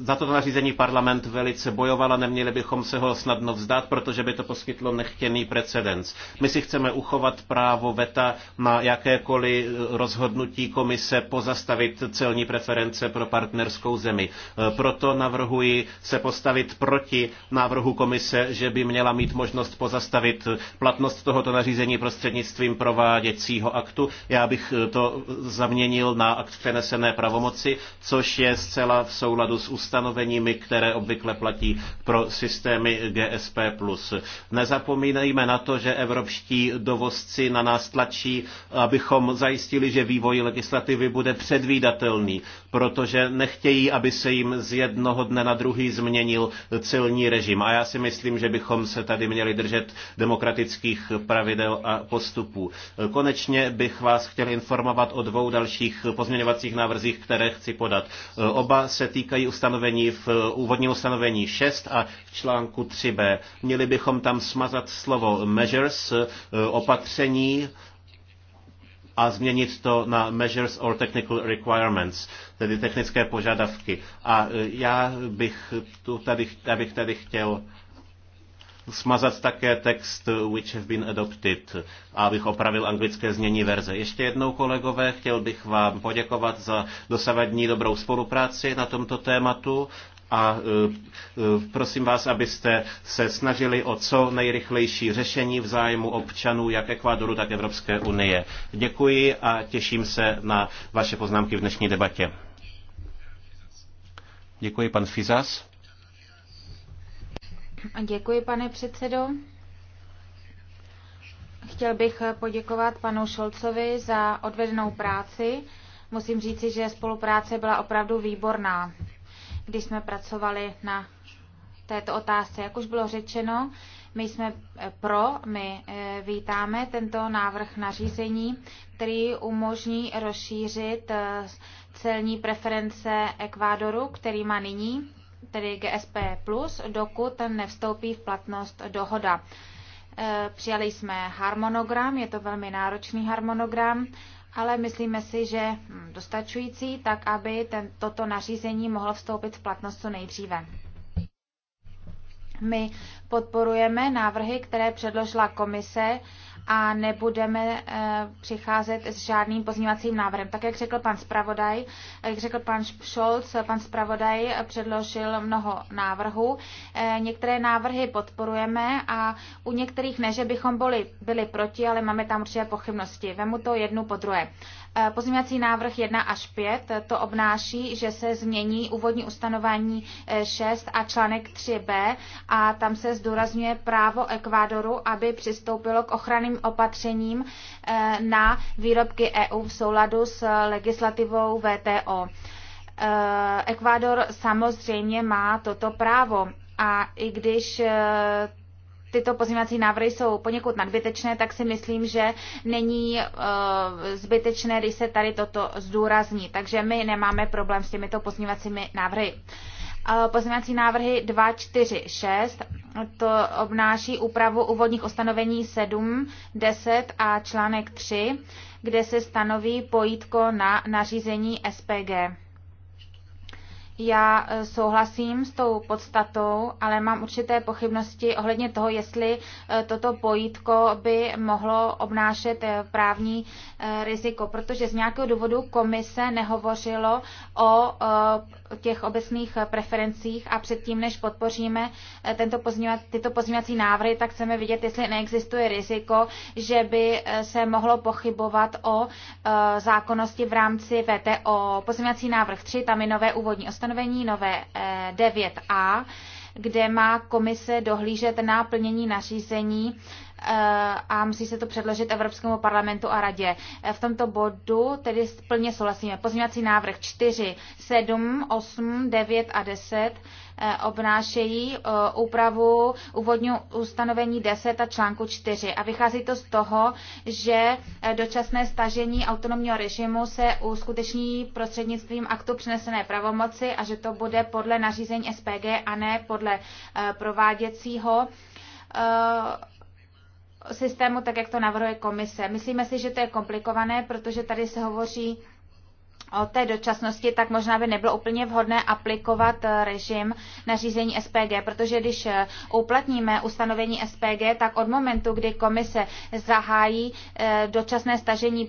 za toto nařízení parlament velice bojoval a neměli bychom se ho snadno vzdát, protože by to poskytlo nechtěný precedens. My si chceme uchovat právo VETA na jakékoliv rozhodnutí komise pozastavit celní preference pro partnerskou zemi. Proto navrhuji se postavit proti návrhu návrhu komise, že by měla mít možnost pozastavit platnost tohoto nařízení prostřednictvím prováděcího aktu. Já bych to zaměnil na akt přenesené pravomoci, což je zcela v souladu s ustanoveními, které obvykle platí pro systémy GSP+. Nezapomínejme na to, že evropští dovozci na nás tlačí, abychom zajistili, že vývoj legislativy bude předvídatelný, protože nechtějí, aby se jim z jednoho dne na druhý změnil celní režim. A já si myslím, že bychom se tady měli držet demokratických pravidel a postupů. Konečně bych vás chtěl informovat o dvou dalších pozměňovacích návrzích, které chci podat. Oba se týkají ustanovení v úvodním ustanovení 6 a v článku 3b. Měli bychom tam smazat slovo measures, opatření, a změnit to na measures or technical requirements, tedy technické požadavky. A e, já bych, tu tady, já bych tady chtěl smazat také text e, which have been adopted, abych opravil anglické znění verze. Ještě jednou, kolegové, chtěl bych vám poděkovat za dosavadní dobrou spolupráci na tomto tématu a e, e, prosím vás, abyste se snažili o co nejrychlejší řešení v zájmu občanů jak Ekvádoru, tak Evropské unie. Děkuji a těším se na vaše poznámky v dnešní debatě. Děkuji, pan Fizas. Děkuji, pane předsedo. Chtěl bych poděkovat panu Šolcovi za odvedenou práci. Musím říci, že spolupráce byla opravdu výborná když jsme pracovali na této otázce. Jak už bylo řečeno, my jsme eh, pro, my eh, vítáme tento návrh nařízení, který umožní rozšířit eh, celní preference Ekvádoru, který má nyní, tedy GSP+, dokud nevstoupí v platnost dohoda. Přijali jsme harmonogram, je to velmi náročný harmonogram ale myslíme si, že hm, dostačující, tak aby ten, toto nařízení mohlo vstoupit v platnost co nejdříve. My podporujeme návrhy, které předložila komise a nebudeme eh, přicházet s žádným pozměňovacím návrhem. Tak, jak řekl pan zpravodaj, jak řekl pan Scholz, pan zpravodaj předložil mnoho návrhů. Eh, některé návrhy podporujeme a u některých ne, že bychom byli, byli proti, ale máme tam určité pochybnosti. Vemu to jednu po druhé. Eh, pozměňovací návrh 1 až 5 eh, to obnáší, že se změní úvodní ustanovení 6 eh, a článek 3b a tam se zdůrazňuje právo Ekvádoru, aby přistoupilo k ochranným opatřením na výrobky EU v souladu s legislativou VTO. Ekvádor samozřejmě má toto právo a i když tyto pozměňovací návrhy jsou poněkud nadbytečné, tak si myslím, že není eh, zbytečné, když se tady toto zdůrazní. Takže my nemáme problém s těmito pozměňovacími návrhy. Eh, pozměňovací návrhy 2, 4, 6, to obnáší úpravu úvodních ustanovení 7, 10 a článek 3, kde se stanoví pojítko na nařízení SPG. Já e, souhlasím s tou podstatou, ale mám určité pochybnosti ohledně toho, jestli e, toto pojítko by mohlo obnášet e, právní riziko, protože z nějakého důvodu komise nehovořilo o těch obecných preferencích a předtím, než podpoříme eh, tento pozměňovac, tyto pozměňovací návrhy, tak chceme vidět, jestli neexistuje riziko, že by eh, se mohlo pochybovat o eh, zákonnosti v rámci VTO. Pozměňovací návrh 3, tam je nové úvodní ostanovení, nové 9a, kde má komise dohlížet na plnění nařízení Eh, a musí se to předložit Evropskému parlamentu a radě. Eh, v tomto bodu tedy plně souhlasíme. Pozměňovací návrh 4, 7, 8, 9 a 10 eh, obnášejí úpravu úvodního ustanovení 10 a článku 4. A vychází to z toho, že dočasné stažení autonomního režimu se uskuteční prostřednictvím aktu přenesené pravomoci a že to bude podle nařízení SPG a ne podle prováděcího systému, tak jak to navrhuje komise. Myslíme si, že to je komplikované, protože tady se hovoří o té dočasnosti, tak možná by nebylo úplně vhodné aplikovat eh, režim nařízení SPG, protože když eh, uplatníme ustanovení SPG, tak od momentu, kdy komise zahájí eh, dočasné stažení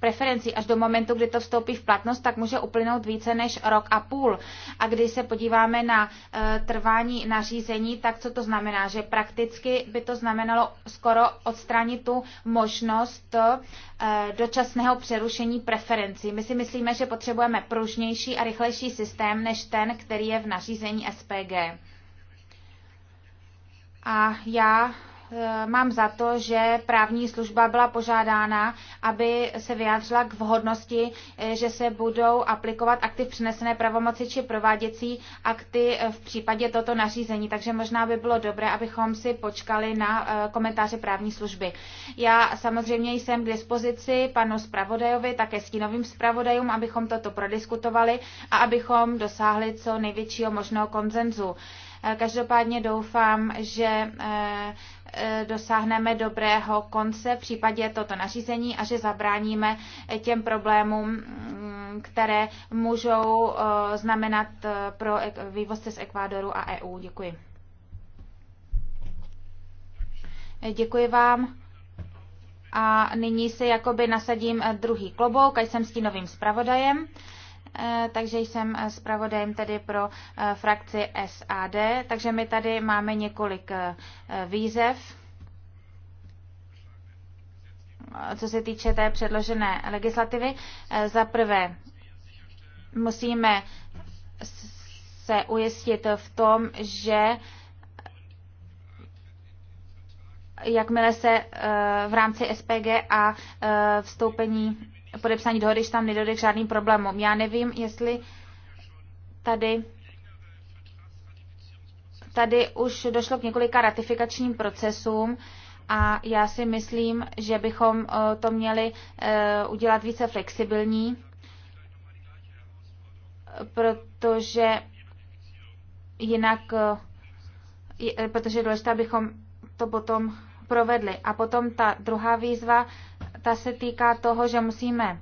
preferencí až do momentu, kdy to vstoupí v platnost, tak může uplynout více než rok a půl. A když se podíváme na trvání nařízení, tak co to znamená? Že prakticky by to znamenalo skoro odstranit tu možnost Eh, dočasného přerušení preferencí. My si myslíme, že potřebujeme pružnější a rychlejší systém než ten, který je v nařízení SPG. A já Eh, mám za to, že právní služba byla požádána, aby se vyjádřila k vhodnosti, eh, že se budou aplikovat akty v přenesené pravomoci či prováděcí akty eh, v případě toto nařízení. Takže možná by bylo dobré, abychom si počkali na komentáře právní služby. Já samozřejmě jsem k dispozici panu zpravodajovi, také stínovým zpravodajům, abychom toto prodiskutovali a abychom dosáhli co největšího možného konzenzu. Eh, každopádně doufám, že eh, eh, dosáhneme dobrého konce v případě toto nařízení a že zabráníme těm problémům, mm, které můžou znamenat pro vývozce z Ekvádoru a EU. Děkuji. Děkuji vám. A nyní se jakoby nasadím druhý klobouk, ať jsem s tím novým zpravodajem. Eh, takže jsem eh, zpravodajem tedy pro eh, frakci SAD. Takže my tady máme několik výzev, co se týče té předložené legislativy. Za prvé, musíme se ujistit v tom, že jakmile se v rámci SPG a vstoupení podepsání dohody, že tam nedojde k žádným problémům. Já nevím, jestli tady tady už došlo k několika ratifikačním procesům a já si myslím, že bychom eh, to měli eh, udělat více flexibilní, protože jinak, eh, protože je důležité, abychom to potom provedli. A potom ta druhá výzva ta se týká toho, že musíme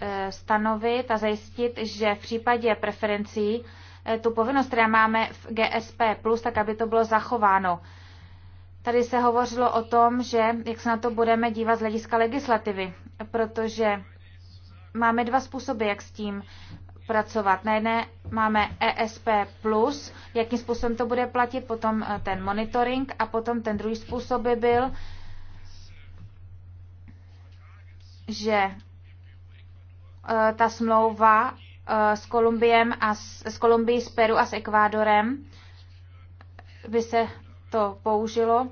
eh, stanovit a zajistit, že v případě preferencí eh, tu povinnost, které máme v GSP+, tak aby to bylo zachováno. Tady se hovořilo o tom, že jak se na to budeme dívat z hlediska legislativy, protože máme dva způsoby, jak s tím pracovat. Na jedné máme ESP+, jakým způsobem to bude platit, potom eh, ten monitoring a potom ten druhý způsob by byl, že eh, ta smlouva eh, s Kolumbiem a s, s Kolumbií, s Peru a s Ekvádorem by se to použilo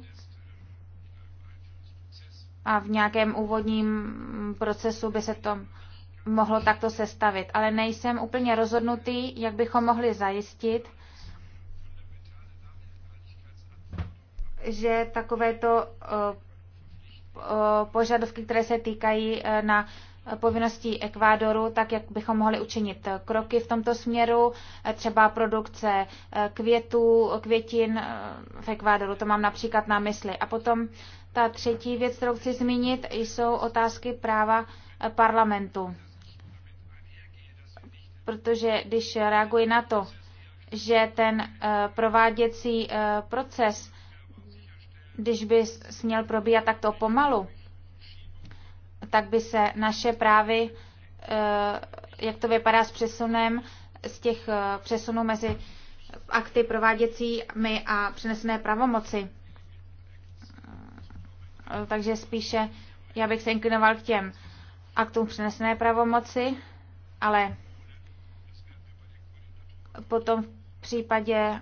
a v nějakém úvodním procesu by se to mohlo takto sestavit. Ale nejsem úplně rozhodnutý, jak bychom mohli zajistit, že takovéto eh, Eh, požadavky, které se týkají eh, na povinností Ekvádoru, tak jak bychom mohli učinit kroky v tomto směru, eh, třeba produkce květů, květin v Ekvádoru, to mám například na mysli. A potom ta třetí věc, kterou chci zmínit, jsou otázky práva parlamentu. Protože když reaguji na to, že ten prováděcí proces když by směl probíhat takto pomalu, tak by se naše právy, eh, jak to vypadá s přesunem, z těch eh, přesunů mezi akty prováděcími a přenesené pravomoci. Eh, takže spíše já bych se inklinoval k těm aktům přenesené pravomoci, ale potom v případě,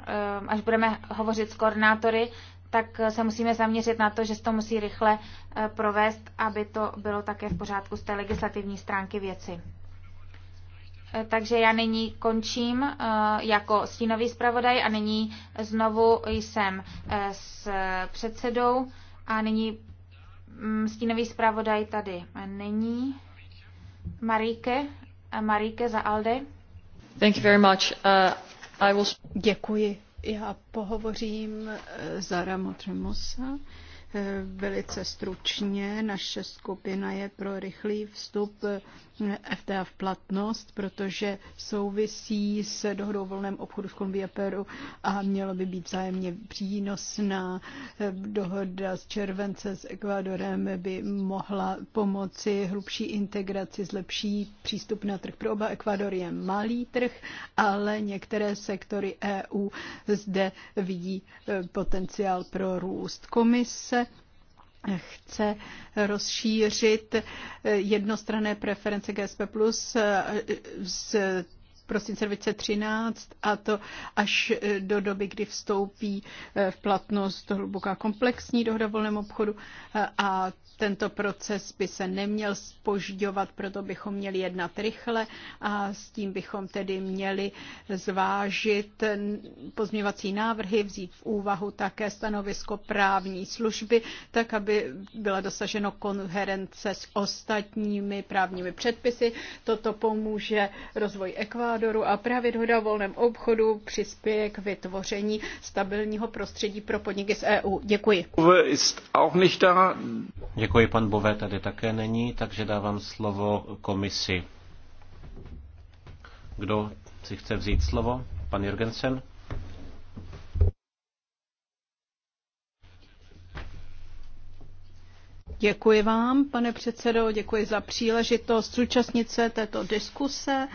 až budeme hovořit s koordinátory, tak eh, se musíme zaměřit na to, že se to musí rychle eh, provést, aby to bylo také v pořádku z té legislativní stránky věci. Eh, takže já nyní končím jako stínový zpravodaj a nyní znovu jsem s předsedou a nyní mm, stínový zpravodaj tady není. Maríke, Maríke za Alde. Thank you very much. Uh, I will... Děkuji já pohovořím eh, za Motremosa eh, Velice stručně naše skupina je pro rychlý vstup eh, FTA v platnost, protože souvisí s dohodou o volném obchodu s Kolumbii a Peru a mělo by být zájemně přínosná. Dohoda s července s Ekvádorem by mohla pomoci hlubší integraci, zlepší přístup na trh. Pro oba Ekvádor je malý trh, ale některé sektory EU zde vidí eh, potenciál pro růst. Komise chce rozšířit jednostranné preference GSP Plus z prosince 2013 a to až eh, do doby, kdy vstoupí eh, v platnost hluboká komplexní dohoda o volném obchodu eh, a tento proces by se neměl spožďovat, proto bychom měli jednat rychle a s tím bychom tedy měli zvážit pozměvací návrhy, vzít v úvahu také stanovisko právní služby, tak aby byla dosaženo konherence s ostatními právními předpisy. Toto pomůže rozvoj ekvádu Ekvádoru a právě dohoda o volném obchodu přispěje k vytvoření stabilního prostředí pro podniky z EU. Děkuji. Děkuji, pan Bové tady také není, takže dávám slovo komisi. Kdo si chce vzít slovo? Pan Jurgensen? Děkuji vám, pane předsedo, děkuji za příležitost zúčastnit se této diskuse.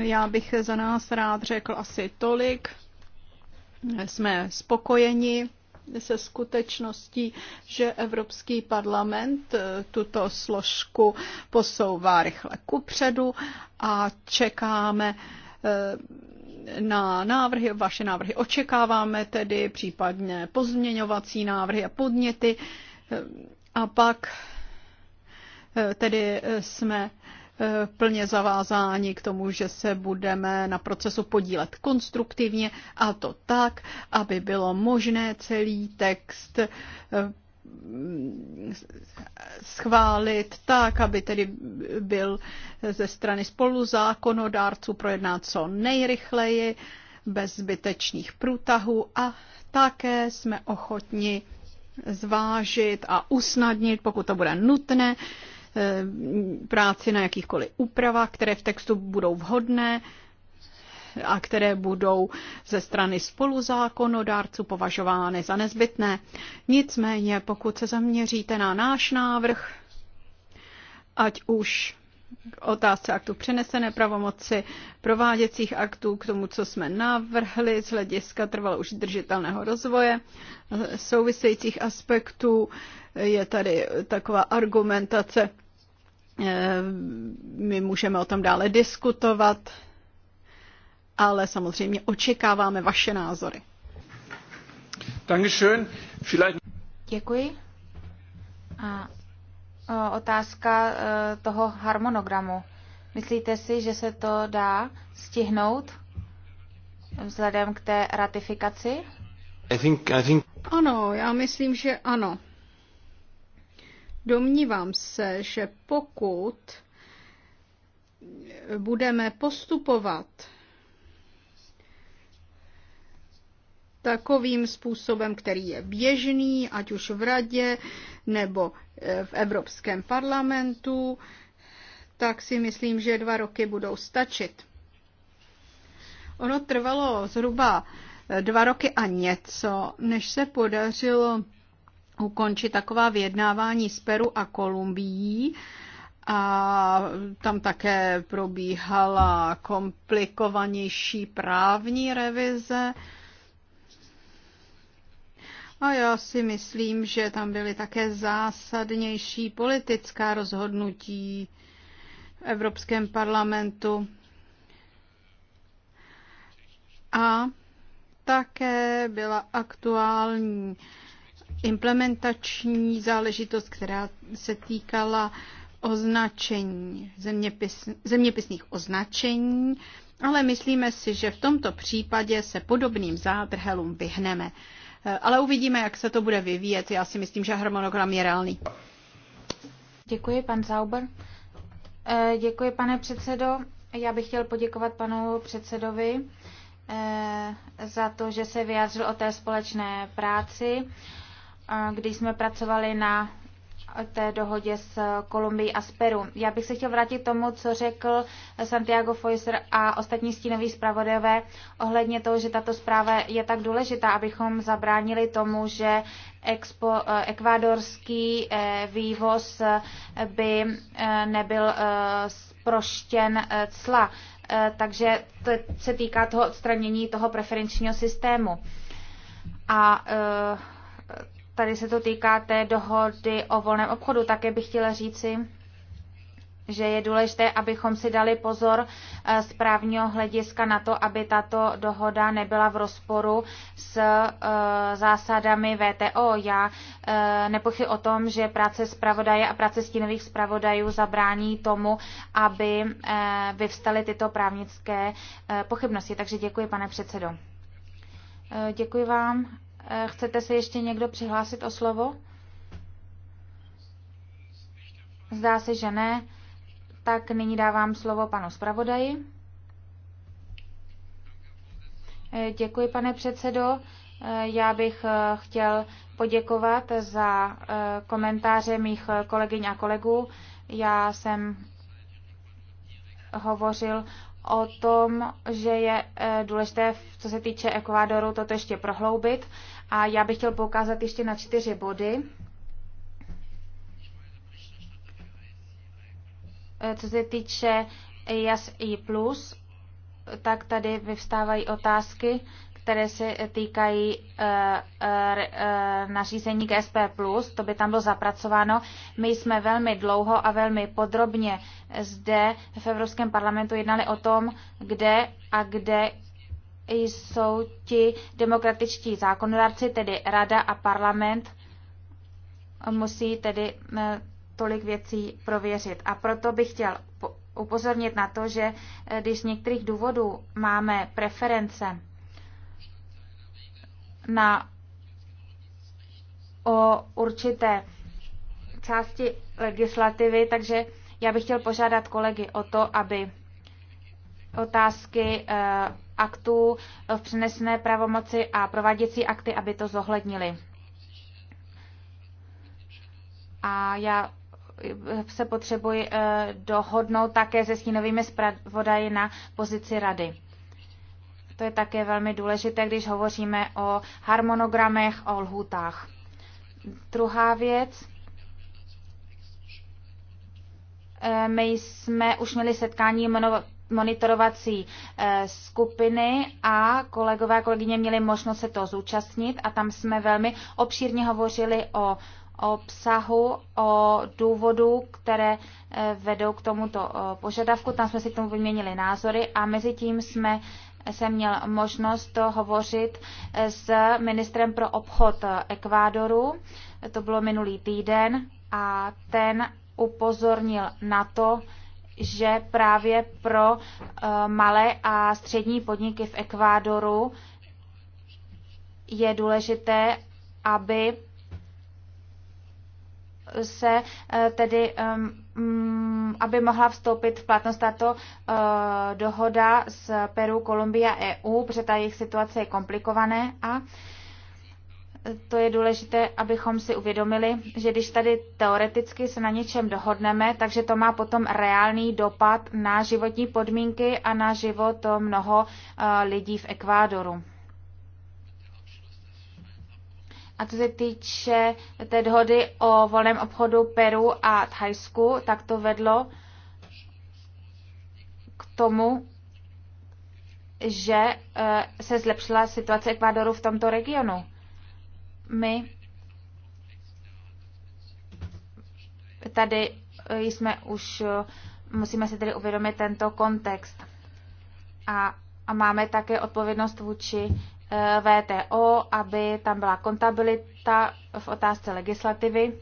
Já bych za nás rád řekl asi tolik. Jsme spokojeni se skutečností, že Evropský parlament eh, tuto složku posouvá rychle kupředu a čekáme eh, na návrhy, vaše návrhy očekáváme tedy, případně pozměňovací návrhy a podněty. Eh, a pak tedy jsme plně zavázáni k tomu, že se budeme na procesu podílet konstruktivně a to tak, aby bylo možné celý text eh, schválit tak, aby tedy byl ze strany spoluzákonodárců projednán co nejrychleji, bez zbytečných průtahů a také jsme ochotni zvážit a usnadnit, pokud to bude nutné, Eh, práci na jakýchkoliv úpravách, které v textu budou vhodné a které budou ze strany spoluzákonodárců považovány za nezbytné. Nicméně, pokud se zaměříte na náš návrh, ať už otázce aktu přenesené pravomoci, prováděcích aktů k tomu, co jsme navrhli z hlediska trvalo už držitelného rozvoje, eh, souvisejících aspektů. Je tady taková argumentace Eh, my můžeme o tom dále diskutovat, ale samozřejmě očekáváme vaše názory. Děkuji. A otázka eh, toho harmonogramu. Myslíte si, že se to dá stihnout vzhledem k té ratifikaci? I think, I think... Ano, já myslím, že ano. Domnívám se, že pokud budeme postupovat takovým způsobem, který je běžný, ať už v radě nebo eh, v Evropském parlamentu, tak si myslím, že dva roky budou stačit. Ono trvalo zhruba eh, dva roky a něco, než se podařilo ukončit taková vyjednávání s Peru a Kolumbií. A tam také probíhala komplikovanější právní revize. A já si myslím, že tam byly také zásadnější politická rozhodnutí v Evropském parlamentu. A také byla aktuální implementační záležitost, která se týkala označení, zeměpis, zeměpisných označení, ale myslíme si, že v tomto případě se podobným zádrhelům vyhneme. Ale uvidíme, jak se to bude vyvíjet. Já si myslím, že harmonogram je reálný. Děkuji, pan Zauber. Eh, děkuji, pane předsedo. Já bych chtěl poděkovat panu předsedovi eh, za to, že se vyjádřil o té společné práci když jsme pracovali na té dohodě s Kolumbií a s Peru. Já bych se chtěl vrátit tomu, co řekl Santiago Foyser a ostatní stínoví zpravodajové ohledně toho, že tato zpráva je tak důležitá, abychom zabránili tomu, že expo, eh, ekvádorský eh, vývoz eh, by nebyl sproštěn cla. Takže to se týká toho odstranění toho preferenčního systému. A Tady se to týká té dohody o volném obchodu. Také bych chtěla říci, že je důležité, abychom si dali pozor eh, z právního hlediska na to, aby tato dohoda nebyla v rozporu s eh, zásadami VTO. Já eh, nepochy o tom, že práce zpravodaje a práce stínových zpravodajů zabrání tomu, aby vyvstaly tyto právnické pochybnosti. Takže děkuji, pane předsedo. Děkuji vám Eh, chcete se ještě někdo přihlásit o slovo? Zdá se, že ne. Tak nyní dávám slovo panu zpravodaji. Eh, děkuji, pane předsedo. Eh, já bych chtěl poděkovat za komentáře mých kolegyň a kolegů. Já jsem hovořil o tom, že je důležité, co se týče Ekvádoru, toto ještě prohloubit a já bych chtěl poukázat ještě na čtyři body. Eh, co se týče I+, tak tady vyvstávají otázky, které se týkají eh, eh, nařízení GSP+, to by tam bylo zapracováno. My jsme velmi dlouho a velmi podrobně zde v Evropském parlamentu jednali o tom, kde a kde jsou ti demokratičtí zákonodárci, tedy rada a parlament, musí tedy eh, tolik věcí prověřit. A proto bych chtěl upozornit na to, že eh, když z některých důvodů máme preference na o určité části legislativy, takže já bych chtěl požádat kolegy o to, aby otázky eh, aktů v přenesené pravomoci a prováděcí akty, aby to zohlednili. A já eh, se potřebuji eh, dohodnout také se stínovými zpravodaji na pozici rady. To je také velmi důležité, když hovoříme o harmonogramech, o lhůtách. Druhá věc. My jsme už měli setkání monitorovací eh, skupiny a kolegové a kolegyně měli možnost se to zúčastnit a tam jsme velmi obšírně hovořili o obsahu, o důvodu, které eh, vedou k tomuto eh, požadavku. Tam jsme si k tomu vyměnili názory a mezi tím jsme jsem měl možnost to hovořit s ministrem pro obchod Ekvádoru. To bylo minulý týden a ten upozornil na to, že právě pro eh, malé a střední podniky v Ekvádoru je důležité, aby se eh, tedy, mm, aby mohla vstoupit v platnost tato eh, dohoda s Peru, Kolumbia, EU, protože ta jejich situace je komplikované a to je důležité, abychom si uvědomili, že když tady teoreticky se na něčem dohodneme, takže to má potom reálný dopad na životní podmínky a na život mnoho eh, lidí v Ekvádoru. A co se týče té dohody o volném obchodu Peru a Thajsku, tak to vedlo k tomu, že eh, se zlepšila situace Ekvádoru v tomto regionu my tady eh, jsme už, eh, musíme si tedy uvědomit tento kontext. A, a máme také odpovědnost vůči eh, VTO, aby tam byla kontabilita v otázce legislativy.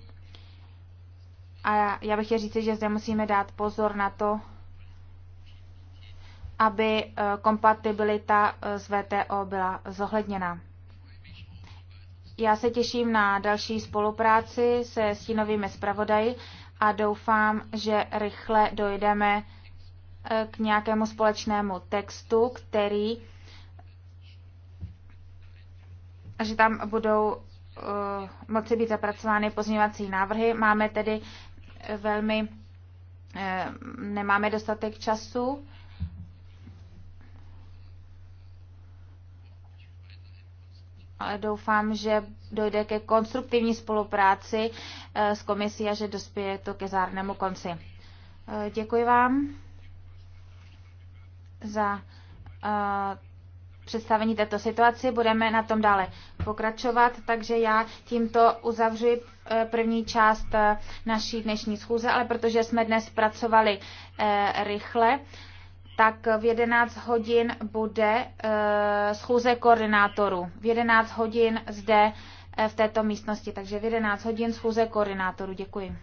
A já bych chtěl říct, že zde musíme dát pozor na to, aby kompatibilita s VTO byla zohledněna. Já se těším na další spolupráci se stínovými zpravodaji a doufám, že rychle dojdeme eh, k nějakému společnému textu, který, že tam budou uh, moci být zapracovány pozměňovací návrhy. Máme tedy eh, velmi, uh, nemáme dostatek času doufám, že dojde ke konstruktivní spolupráci eh, s komisí a že dospěje to ke zárnému konci. Eh, děkuji vám za eh, představení této situaci. Budeme na tom dále pokračovat, takže já tímto uzavřu první část naší dnešní schůze, ale protože jsme dnes pracovali rychle, tak v 11 hodin bude eh, schůze koordinátorů. V 11 hodin zde eh, v této místnosti, takže v 11 hodin schůze koordinátorů. Děkuji.